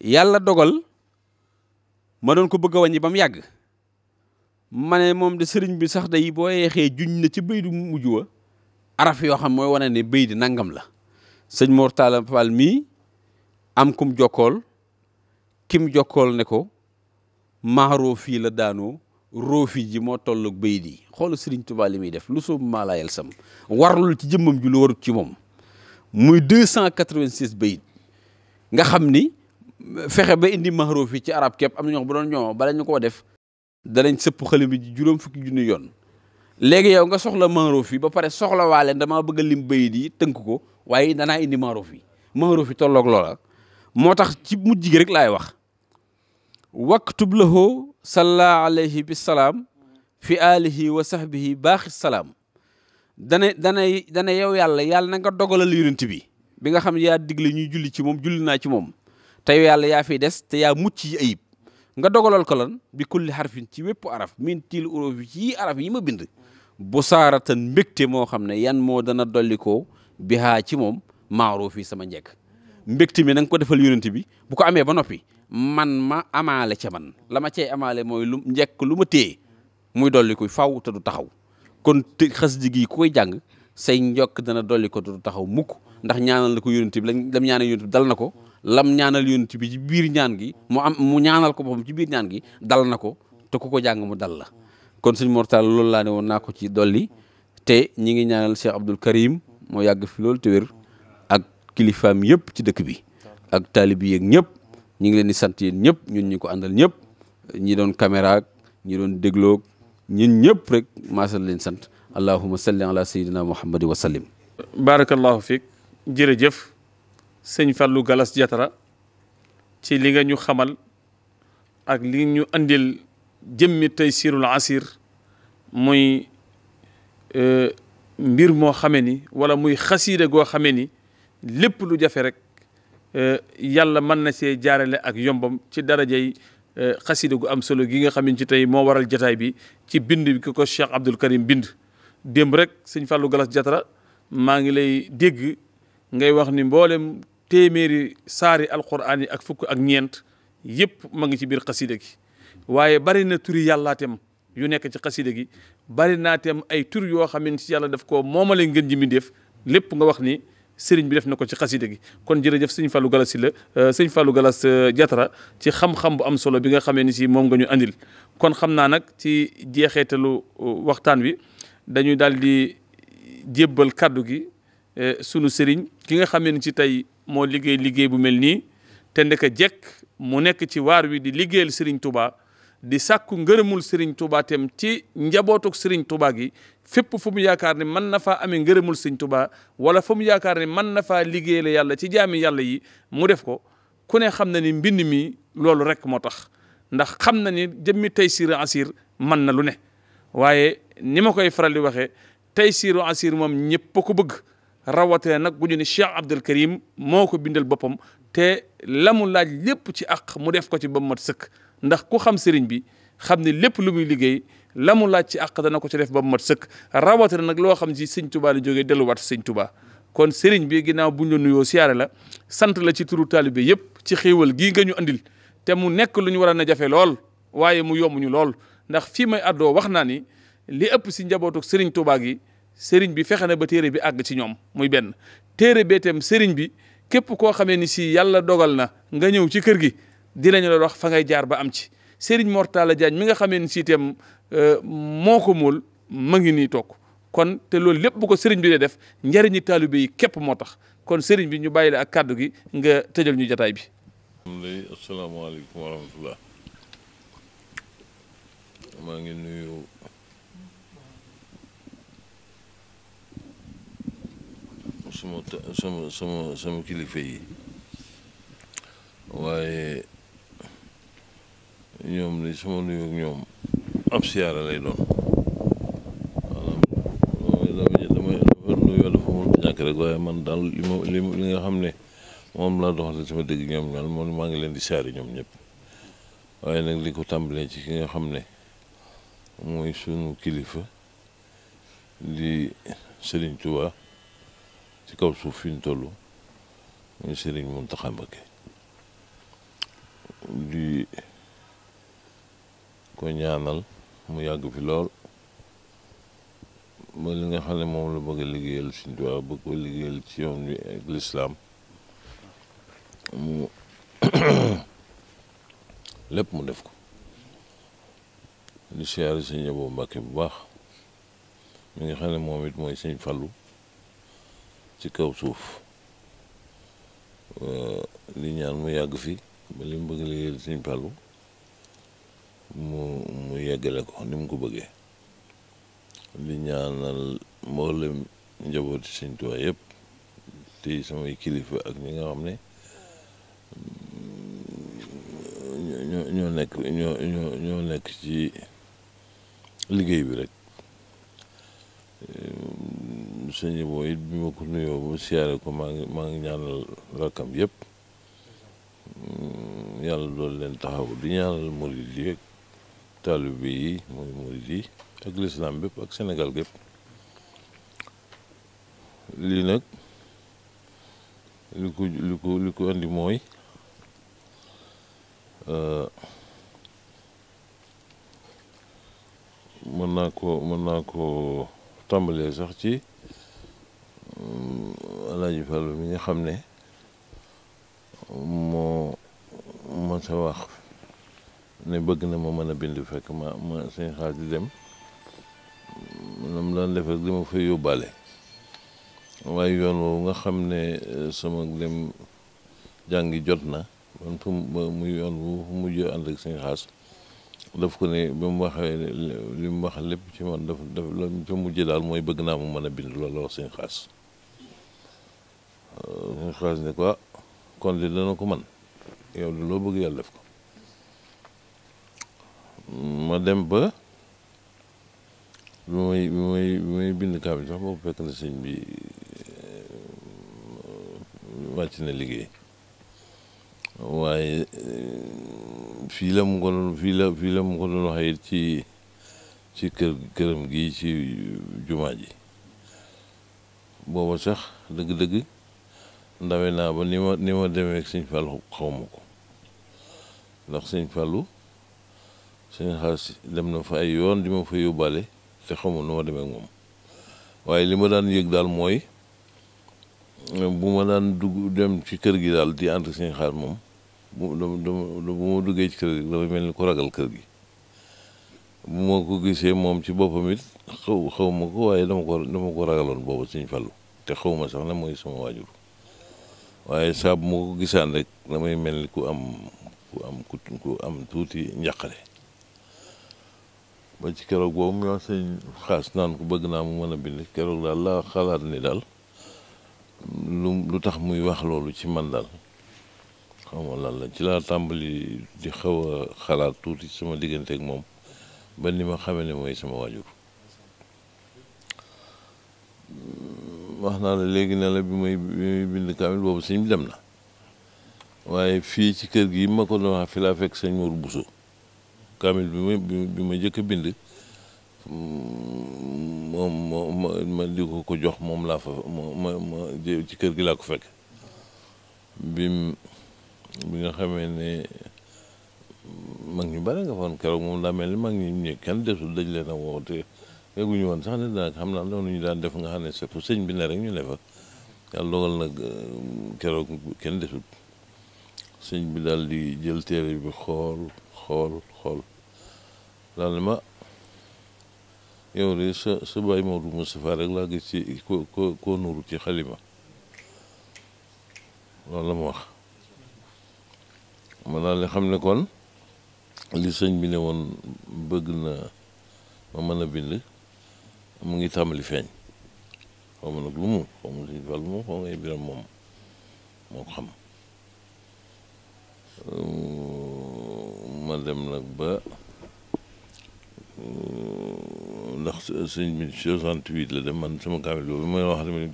yàlla dogal ma doon ko bëgg a ba mu yàgg ma moom de sëriñ bi sax day boo yeexee juñ na ci bayitu mujj wa araf yoo xam mooy wane ne béy nangam la sëñ Mor Talla Fall mii am kum jokkool kim jokkool ne ko maaroo fii la daanoo roofi ji moo tolloog béy yi xoolu Sëriñ Tuubaa li muy def lu soobu maa laa yel sam warlul ci jëmmam ju lu warut ci moom muy 286 bayit nga xam ni fexe ba indi mahroof yi ci arab képp am na ñoo bu doon ñoom bala ñu koo def danañ sëpp xalim bi juróom fukki junni yoon léegi yow nga soxla manroof yi ba pare soxla waale damaa bëgg a lim bayit yi tënk ko waaye danaa indi manroof yi manroof yi tolloog loola moo tax ci mujj gi rek laay wax waktub lahu salla alayhi bisalaam fi alihi wa sahbihi baaxi salaam dana dana dana yow yàlla yàlla na nga dogalal yonent bi bi nga xam ne yaa digle ñuy julli ci moom julli naa ci moom te yàlla yaa fiy des te yaa mucc yi ayib nga dogalal ko lan bi kulli harfin ci wépp araf min tiil uróof yi ci araf yi ma bind saara saaratan mbégte moo xam ne yan moo dana dolli koo bihaa ci moom maaroo fii sama njekk mbégte mi na ko defal yonent bi bu ko amee ba noppi man ma amaale ca man la ma cay amaale mooy lu njekk lu ma téye muy dolli ko faw te du taxaw kon xas jigi ku koy jàng say njokk dana dolli ko te du taxaw mukk ndax ñaanal na ko yonent bi lam ñaanal yonent bi dal na ko lam ñaanal yonent bi ci biir ñaan gi mu am mu ñaanal ko boppam ci biir ñaan gi dal na ko te ku ko jàng mu dal la kon sëñ Mortal loolu laa ne woon naa ko ci dolli te ñi ngi ñaanal Cheikh Abdoul Karim moo yàgg fi loolu te wér ak kilifaam yëpp ci dëkk bi ak taalib yi ñëpp ñi ngi leen di sant yéen ñëpp ñu ñu ko àndal ñëpp ñi doon caméra ak ñi doon dégloog ñun ñëpp rek maasal leen sant allahuma salli ala sayyidina muhammadi wa sallim barakallahu fiik jërëjëf sëñ Fallou Galas Diatara ci li nga ñu xamal ak li ñu andil jëmmi taysirul asir muy euh, mbir moo xame ni wala muy xasiide goo xame ni lépp lu jafe rek euh, yàlla mën na see jaarale ak yombam ci darajay euh, xasiide gu am solo gi nga xam ci tey moo waral jataay bi ci bind ki ko Cheikh Abdul Karim bind démb rek sëñ Fallou Galas Jatara maa ngi lay dégg ngay wax ni mboolem téeméeri saari alquran yi ak fukk ak ñeent yépp ma ngi ci biir xasiida gi waaye bari na turi yàllaatem yu nekk ci xasida gi bari naa tem ay tur yoo xam ne yàlla def koo moomale ngeen ji mi def lépp nga wax ni sëriñ bi def na ko ci xasida gi kon jërëjëf sëñ Fallou Gallas si la euh, sëñ Fallou Gallas Diatra euh, ci xam-xam bu am solo bi nga xamee ni si moom nga ñu andil kon xam naa nag ci jeexeetalu euh, waxtaan wi dañuy daal di jébbal kàddu gi sunu sëriñ ki nga xamee ni si tey moo liggéey liggéey bu mel nii te ndeka jekk mu nekk ci waar wi di liggéeyal sëriñ Touba. di sàkku ngërëmul Serigne Touba tem ci njabootuk Serigne Touba gi fépp fu mu yaakaar ne mën na faa amee ngërëmul Serigne Touba wala fu mu yaakaar ne mën na faa liggéeyal yàlla ci jaami yàlla yi mu def ko ku ne xam na ni mbind mi loolu rek moo tax ndax xam nani ni jëmmi Taysiru Asir mën na lu ne waaye ni ma koy faral di waxee Taysiru Asir moom ñëpp ko bëgg rawatina nag gu ñu ne Cheikh Abdul Karim moo ko bindal boppam te la mu laaj lépp ci àq mu def ko ci ba mat sëkk ndax ku xam sëriñ bi xam ne lépp lu muy liggéey la mu laaj ci àq dana ko ci def ba mu mat sëkk rawatina nag loo xam si sëñ tubaa la jógee delluwaat sëñ tubaa kon sëriñ bi ginnaaw bu la nuyoo siyaare la sant la ci turu taalibe yëpp ci xéewal gii nga ñu andil te mu nekk lu ñu war a jafe lool waaye mu yomb ñu lool ndax fii may àddoo wax naa ni li ëpp si njabootu sëriñ tubaa gi sëriñ bi fexe na ba téere bi àgg ci ñoom muy benn téere beetem sëriñ bi képp koo xamee ni si yàlla dogal na nga ñëw ci kër gi dinañu la wax fa ngay jaar ba am ci Serigne Mortala jaañ mi nga xamee ni si itam euh, moo ko mool ma ngi nii toog kon te loolu lépp bu sëriñ bi dee def njëriñu taalibe yi képp moo tax kon sëriñ bi ñu bàyyi la ak kàddu gi nga tëjal ñu jotaay bi. asalaamaaleykum wa rahmatulah maa ngi nuyu sama sama sama sama kilifa yi ñoom li sama nuyoo ak ñoom ab siyaara lay doon maanaam damay nuyoo dafa mënut a ma xam ne moom laa doxalee sama dëgg ñoom maa ngi leen di siyaari ñoom ñëpp waaye nag li ko tàmbalee ci ki nga xam ne mooy sunu kilifa di Serigne Touba ci kaw suuf fi ñu toll muy Serigne Mountakha Mbacké di. ko ñaanal mu yàgg fi lool ba li nga xam ne moom la bëgg a liggéeyal Sëñ Tuubaa bëgg ko liggéeyal ci yoon wi ak lislaam [coughs] lépp mu def ko di siyaare Sëñ Abo Mbàkke bu baax mi nga xam ne moom it mooy Sëñ falu ci kaw suuf li ñaan mu yàgg fi ba li mu bëgg liggéeyal Sëñ Fallu mu mu yeggale ko ni mu ko bëggee di ñaanal mboolem njabooti Sëñ Tuubaa yëpp te samay kilifa ak ni nga xam ne ñoo ñoo nekk ñoo ñoo ñoo nekk ci liggéey bi rek sëñ boo it bi ma ko nuyoo ba siyaare ko maa ngi maa ngi ñaanal rakkam yëpp yàlla doon leen taxaw di ñaanal murid yi rek taalibe yi mooy murid yi ak lislaam bépp ak Sénégal gépp lii nag li ko li ko li ko andi mooy euh, mën naa ko mën naa ko tàmbalee sax ci euh, Alaaji Fall mi nga xam ne moo mën sa wax ne bëgg na ma mën a bind fekk ma ma sëñ xaar di dem nam daan def rek dama fa yóbbaale waaye yoon woowu nga xam ne eh, sama dem jàngi jot na man fu mu yoon wu fu mujj ànd ak sëñ xaas daf ko ne ba mu waxee li mu wax lépp ci man daf daf la fa mujj daal mooy bëgg naa mu mën a bind loolu wax sëñ xaas eh, sëñ xaas ne ko ah, kon de dana ko man yow de loo bëgg yàlla def ma dem ba bi may bi may bind kaa bi sax boobu fekk na sëñ bi euh, wàcc na liggéey waaye euh, fii la mu ko doon fii la ci ci kër këram gi ci jumaa ji booba sax dëgg-dëgg ndawe naa ba ni ma ni ma demee ak sëñ Fallou xaw ma ko ndax sëñ Fallou suñu si dem na fa ay yoon di ma fa yóbbaale te xamul nu ma demee moom waaye li ma daan yëg daal mooy bu ma daan dugg dem ci kër gi daal di entre suñu xaar moom bu bu duggee ci kër gi mel ni ku kër gi bu gisee moom ci boppam it xaw xaw ma waaye dama ko dama ko ragaloon boobu te xaw ma sax ne mooy sama waajur waaye saa bu ma ko damay mel ni ku am ku am am tuuti njàqare ba ci keroog boobu mu wax sëñ xaas naan ko bëgg naa mu mën a bind keroog daal laa xalaat ni daal lu lu tax muy wax loolu ci man daal xam nga lan la ci laa tàmbali di xaw a xalaat tuuti sama diggante ak moom ba ni ma xamee ne mooy sama waajur wax naa la léegi ne la bi may bind kaamil boobu sëñ dem na waaye fii ci kër gi ma ko doon wax fi laa fekk sëñ Mour Bousso kaamil bi ma bi ma njëkk a bind mm, moom ma ma di ko ko jox moom laa fa ma ma ci kër gi laa ko fekk bim bi nga xamee ne mag ñu bare nga foon keroog moom laa mel ni mag ñi ñu kenn desul dañ leen a woo te yegguñu woon sax ne daanaka xam naa noonu ñu daan def nga xam ne c'est señ bi ne rek ñu ne fa yàlla dogal nag keroog kenn desul sëñ bi daal di jël téere bi xool. xool xool daal ma yow de sa sa bàyyi Maodo Moustapha rek laa gis ci ko ko koo nuru ci xalima loolu la ma wax ma daal di xam ne kon li sëñ bi ne woon bëgg na ma mën a bind mu ngi tàmbali feeñ xaw nag lu mu xaw ma biram moom moo xam ma dem nag ba euh, ndax sëñ bi 68 la dem wax tamit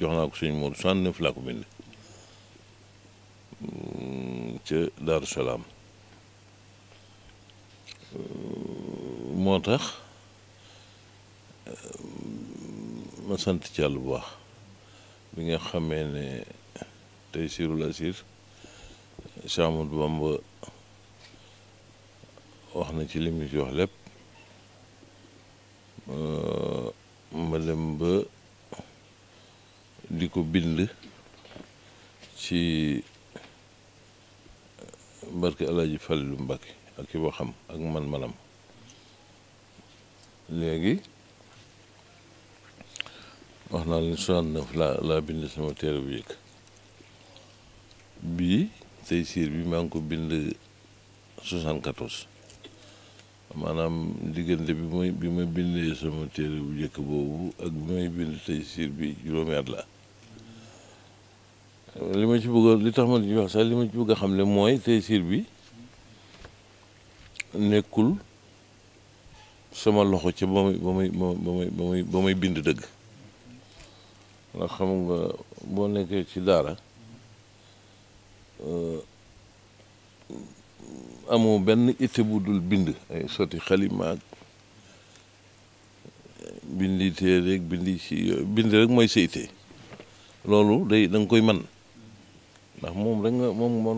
jox ko sëñ Modou mmh, mmh, moo tax euh, ma sant ci bu baax bi nga xamee ne tey sirul asir Cheikh Amadou wax na ci lim mu ci wax lépp ma ba di ko bind ci barke Alaaji lu Mbàkke ak i waxam ak man-manam léegi wax naa leen soixante-neuf laa laa bind sama téere bu jëkk bii tey siir bi maa ngi ko bind maanaam diggante bi muy bi ma bindee sama téere bu njëkk boobu ak bi may bind tey siir bi juróomi at la li ma ci bëgg li tax ma di wax sax li ma ci bëgg a xam ne mooy tey siir bi nekkul sama loxo ca ba may ba may ba may bind dëgg ndax xam nga boo nekkee ci daara euh, amoo benn itte bu dul bind ay sotti xalimaak bindi rek bindi ci bind rek mooy sa itte loolu day da koy man ndax moom rek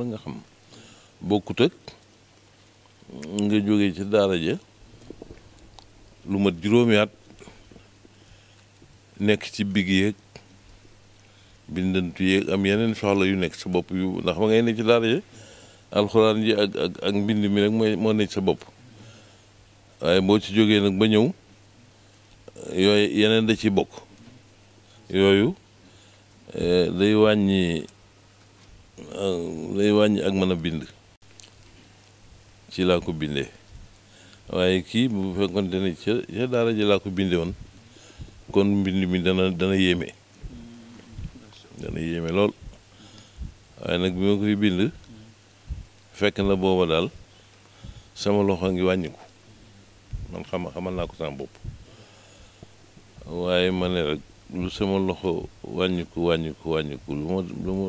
nga xam bokkut ak nga jóge ci daara ja lu mat juróomi at nekk ci big yeeg bindantu yeeg am yeneen soxla yu nekk sa bopp yu ndax ma ngay ne ci daara ja alxuraan ji ak mbind mi rek mooy moo nekk sa bopp waaye boo ci jógee nag ba ñëw yooyu yeneen da ci bokk yooyu eh, day wàññi eh, day wàññi ak mën a bind ci laa ko bindee waaye kii bu fekkoon ne ca ca daara ji laa ko bindee woon kon mbind mi dana dana yéeme dana yéeme lool waaye nag bi ma koy bind fekk na booba daal sama loxo ngi wàññiku man xam xamal naa ko sama bopp waaye ma ne rek lu sama loxo wàññiku wàññiku wàññiku lu ma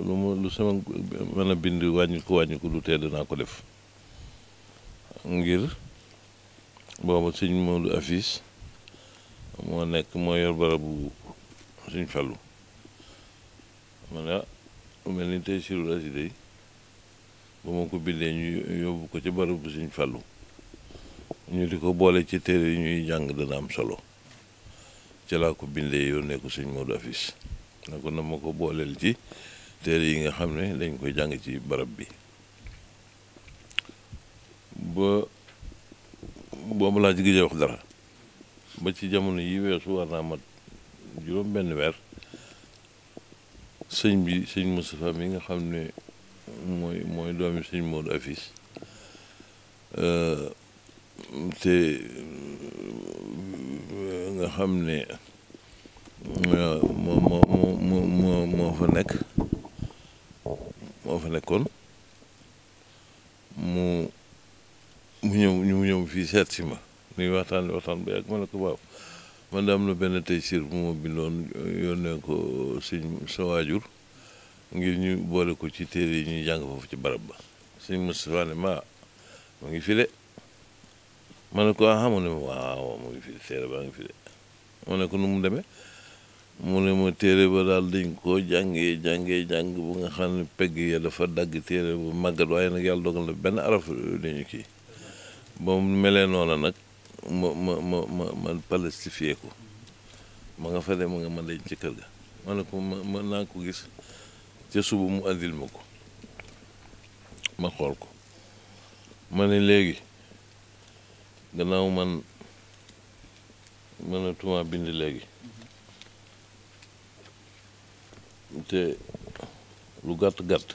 lu ma lu sama mën a bind wàññiku wàññiku lu tee naa ko def ngir booba sëñ Maodo Afis moo nekk moo yor barabu sëñ Fallu ma ne ah, mel ni tey sirul asi ba ma ko bindee ñu yóbbu ko ci barabu Sëñ Fallu ñu di ko boole ci téere yi ñuy jàng dana am solo ci laa ko bindee yónnee ko Sëñ Modou Afis na ko na ma ko booleel ci téere yi nga xam ne dañ koy jàng ci barab bi ba boobu laa ci gëj wax dara ba ci jamono yi weesu war naa mat juróom benn weer sëñ bi sëñ Moustapha mi nga xam ne mooy mooy doomi sëñ Modou Afis euh, te euh, nga xam ne moo moo moo moo moo fa nekk moo fa nekkoon mu ñëw ñu ñëw fii seet si ma nuy waxtaan waxtaan ba yàgg ma ne ko waaw man daam na benn tey siir bu ma bindoon yónnee ko sëñ sa waajur ngir ñu boole ko ci téere yi ñuy jàng foofu ci barab ba sëñ Moustapha ne ma mu ngi fi de ma ne ko aha mu waaw mu ngi fi de téere baa ngi fi ne ko nu mu demee mu ne ma téere ba daal dañ koo jàngee jàngee jàng bu nga xam ne pegg ya dafa dagg téere bu màggat waaye nag yàlla dogal na benn araf dañu kii ba mu melee noona nag ma ma ma ma ma ko ma nga fa dem nga ma denc ci kër ga ma ne ko ma naa ko gis ca suba mu andil ma ko ma xool ko ma ne léegi gannaaw man mënatuma bind léegi te lu gàtt gàtt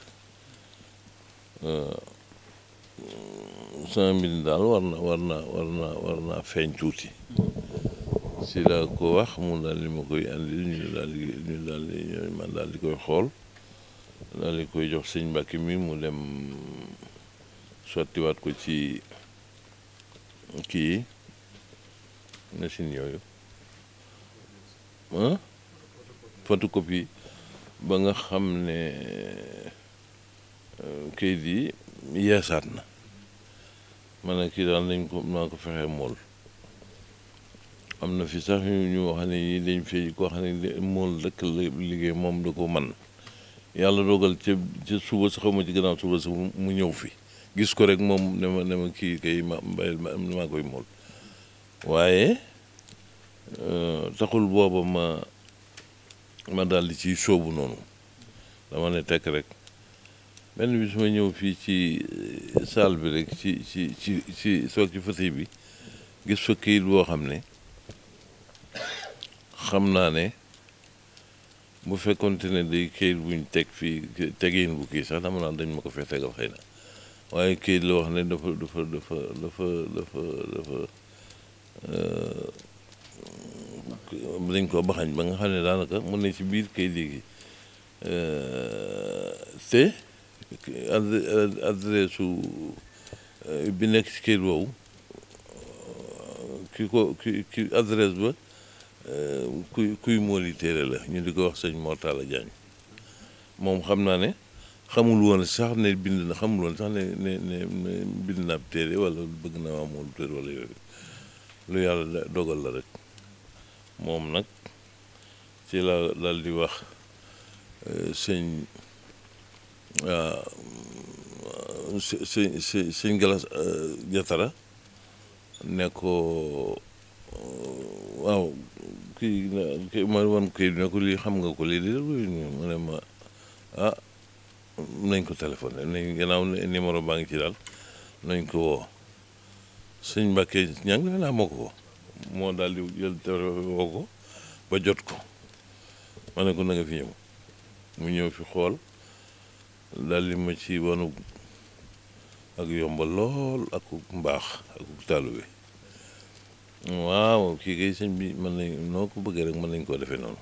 sama euh, mbind daal war na war na war na war naa feeñ tuuti si laa ko wax mu daal di ma koy andi ñu daal di ñu daal di man daal di koy xool daal di koy jox sëñ Mbàkke mi mu dem sottiwaat ko ci kii machine yooyu ah photocopie ba nga xam ne euh, kayit yi yeesaat na man a kii daal nañ ko naa ko fexe mool am na fi sax ñu wax ne yi dañ fee koo xam ne mool dëkk liggéey moom da ko man yàlla dogal ca ca suba sa xaw ma ci gannaaw suba sa mu ñëw fi gis ko rek moom ne ma ne ma kii kay ma maa koy mool waaye euh, taxul booba ma ma daal di ciy sóobu noonu dama ne tekk rek benn bis ma ñëw fii ci euh, salle bi rek ci ci ci ci soog ci fëti bi gis fa këyit boo xam ne xam naa ne bu fekkonte ne day këyit bu ñu teg fii tegin bu kii sax dama naan dañ ma ko fee tegal xëy na waaye këyit la wax ne dafa dafa dafa euh, dañ ko baxañ ba nga xam ne daanaka mën na si biir këyit léegi euh, te adresse euh, bi nekk ci këyit woowu ki ko ki ki adresse ba Euh, kuy kuy mool yi téere la ñu di ko wax sëñ Mortala Diagne moom xam naa ne xamul woon sax ne bind na xamul woon sax ne ne ne bind na ab téere wala bëgg na waa mool téere wala yooyu lu yàlla dogal la rek moom nag ci la dal di wax euh, sëñ euh, sëñ sëñ galas jatara ne ko waaw kii kii ma wan kii bi ko lii xam nga ko lii di mu ne ma ah, nañ ko téléphoné nañ gannaaw numéro baa ngi ci daal nañ ko woo sëñ Mbàkke ñang moo ko woo moo daal di jël téléphone ko ba jot ko ma ko na fi ñëw mu ñëw fi xool dal di ma ci wanu ak yombal lool ak mbaax ak taalibe waaw kii kay sëñ bi mën nañ noo ko bëggee rek mën nañ koo defee noonu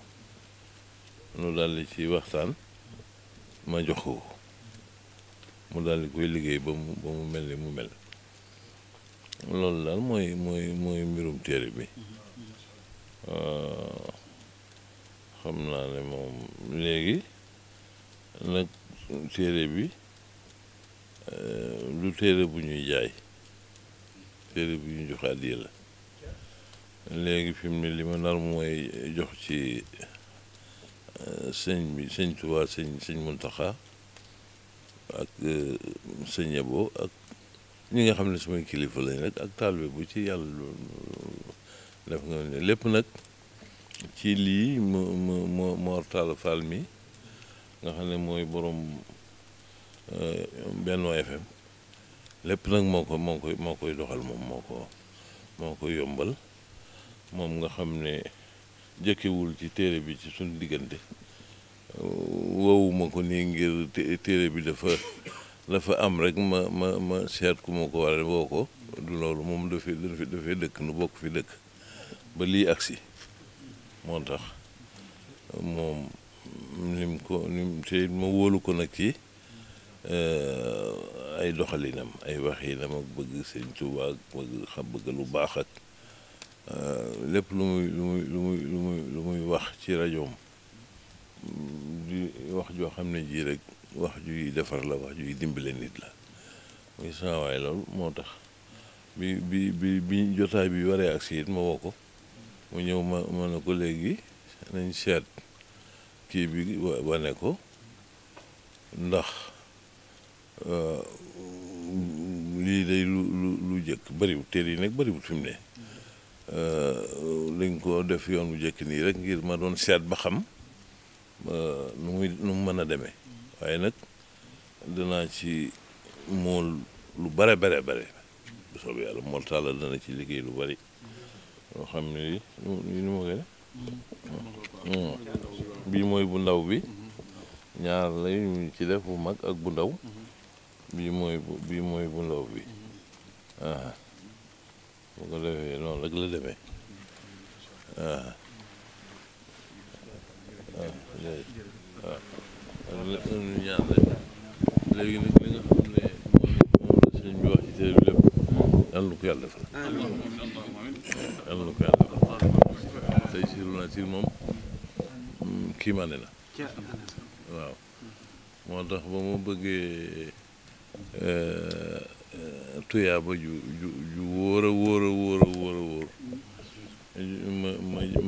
nu daal di ci waxtaan ma jox ko mu daal koy liggéey ba mu mel ni mu mel loolu daal mooy mooy mbirum téere bi ah, xam naa ne moom léegi nag téere bi lu eh, téere bu ñuy jaay téere bu ñuy jox àddiya la léegi fim mu ne li ma nar mooy jox ci euh, sëñ bi sëñ Tuubaa sëñ Muntaxa ak euh, sëñ Abo ak ñi nga xam ne samay kilifa lañ rek ak taalibe bu ci yàlla def nga ne lépp nag ci lii mu mu mu Mor Talla Fall mi nga xam ne mooy borom euh, Benno FM lépp nag moo ko moo koy moo koy doxal moom moo ko moo koy yombal. moom nga xam ne jëkkewul ci téere bi ci suñ diggante wowuma ko nii ngir téere bi dafa la am rek ma ma ma seet ku ma ko war a woo ko du loolu moom dafay dafay dëkk nu bokk fi dëkk ba lii agsi moo tax moom nim ko nim te ma wóolu ko nag ci euh, ay doxalinam ay waxinam ak bëgg Sëñ Tuubaa ak bëgg lu baax ak Euh, lépp lu muy lu muy lu muy lu muy lu muy wax ci rajoom di wax joo xam ne jii rek wax juy defar la wax juy dimbale nit la muy sama waay moo tax bi bi bi bi jotaay bi waree ak siit it ma woo mu ñëw ma ma ne ko léegi nañ seet kii bi wane ko ndax euh, lii de lu lu lu jëkk bëriwul téere yi nag bëriwul fi ne Euh, lañ ko def yoon bu njëkk nii rek ngir ma doon seet ba xam euh, nu muy mu mën a deme waaye nag danaa ci mool lu bare bare bare bu soobee yàlla mool tàlla dana ci liggéey lu bari yoo xam ne ni hmm. bii mooy bu ndaw bi ñaar la ñu ci def bu mag ak bu ndaw bii mooy bii mooy bu ndaw bi ah. bu ko defee la demee li nga xam ne moom la sëñ bi wax ci téere bi lépp yàlla na ko yàlla defal yàlla na ko yàlla defal tey si lu natir moom mm, kii mane waaw moo tax ba mu bëggee eh, tuyaaba ju ju ju wóor a wóor ma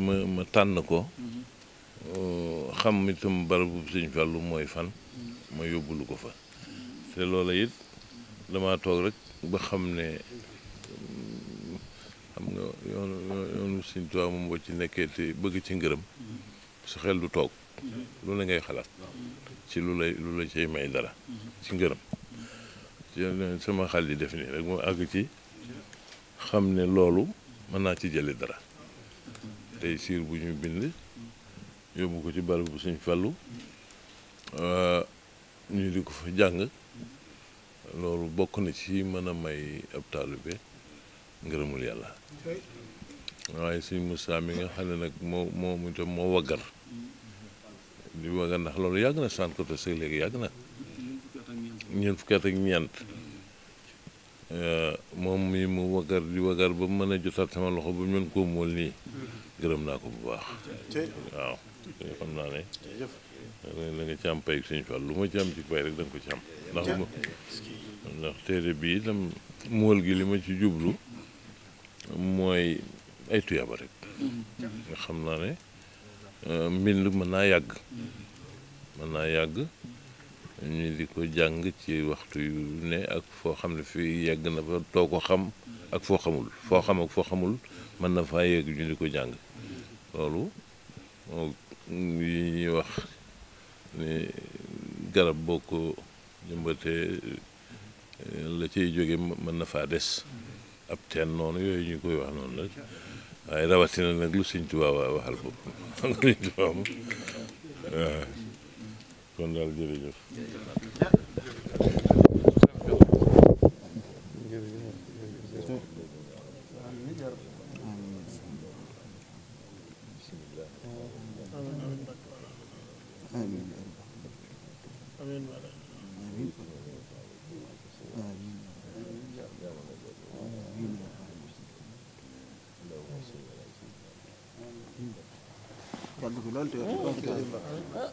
ma ma tànn ko xam itam barabu sëñ Fàllu mooy fan ma yóbbulu ko fa te loola it dama toog rek ba xam ne xam nga yoonu yoonu sëñ Tuubaa moom boo ci nekkee te bëgg ci ngërëm su xel du toog lu la ngay xalaat ci lu lay lu la cay may dara ci ngërëm sama xal di def nii rek moo àgg ci xam ne loolu mën naa ci jële dara tey siir bu ñu bind yóbbu ko ci barab bu suñ fàllu euh, ñu di ko fa jàng loolu bokk na ci mën a may ab taalibe ngërëmul yàlla waaye suñ Moussa mi nga xam ne nag moo moo mu tam moo waggar di waggar ndax loolu yàgg na sànq te sëg léegi yàgg na ñeent fukki at ak ñeent eh, moom mi mu wagar di wagar ba mu mën a jotaat sama loxo ba mu mën koo mool nii gërëm naa ko bu baax waaw xam naa ne da ci am pay lu ma ci rek da nga ci am ndax ndax téere bi itam mool gi li ma ci jublu mooy ay tuyaaba rek nga xam naa ne eh, mbind mën naa yàgg mën naa yàgg ñu di ko jàng ci waxtu yu ne ak foo xam ne fii yegg na fa too ko xam ak foo xamul foo xam ak foo xamul mën na faa yegg ñu di ko jàng loolu yi wax ne garab boo ko jëmbatee la ciy jóge mën na faa des ab teen noonu yooyu ñu koy wax noonu rek waaye na nag lu Sëñ Tuubaa waxal bopp [laughs] lu Sëñ Tuubaa moom waaw kon daal jërëjëf. yàgg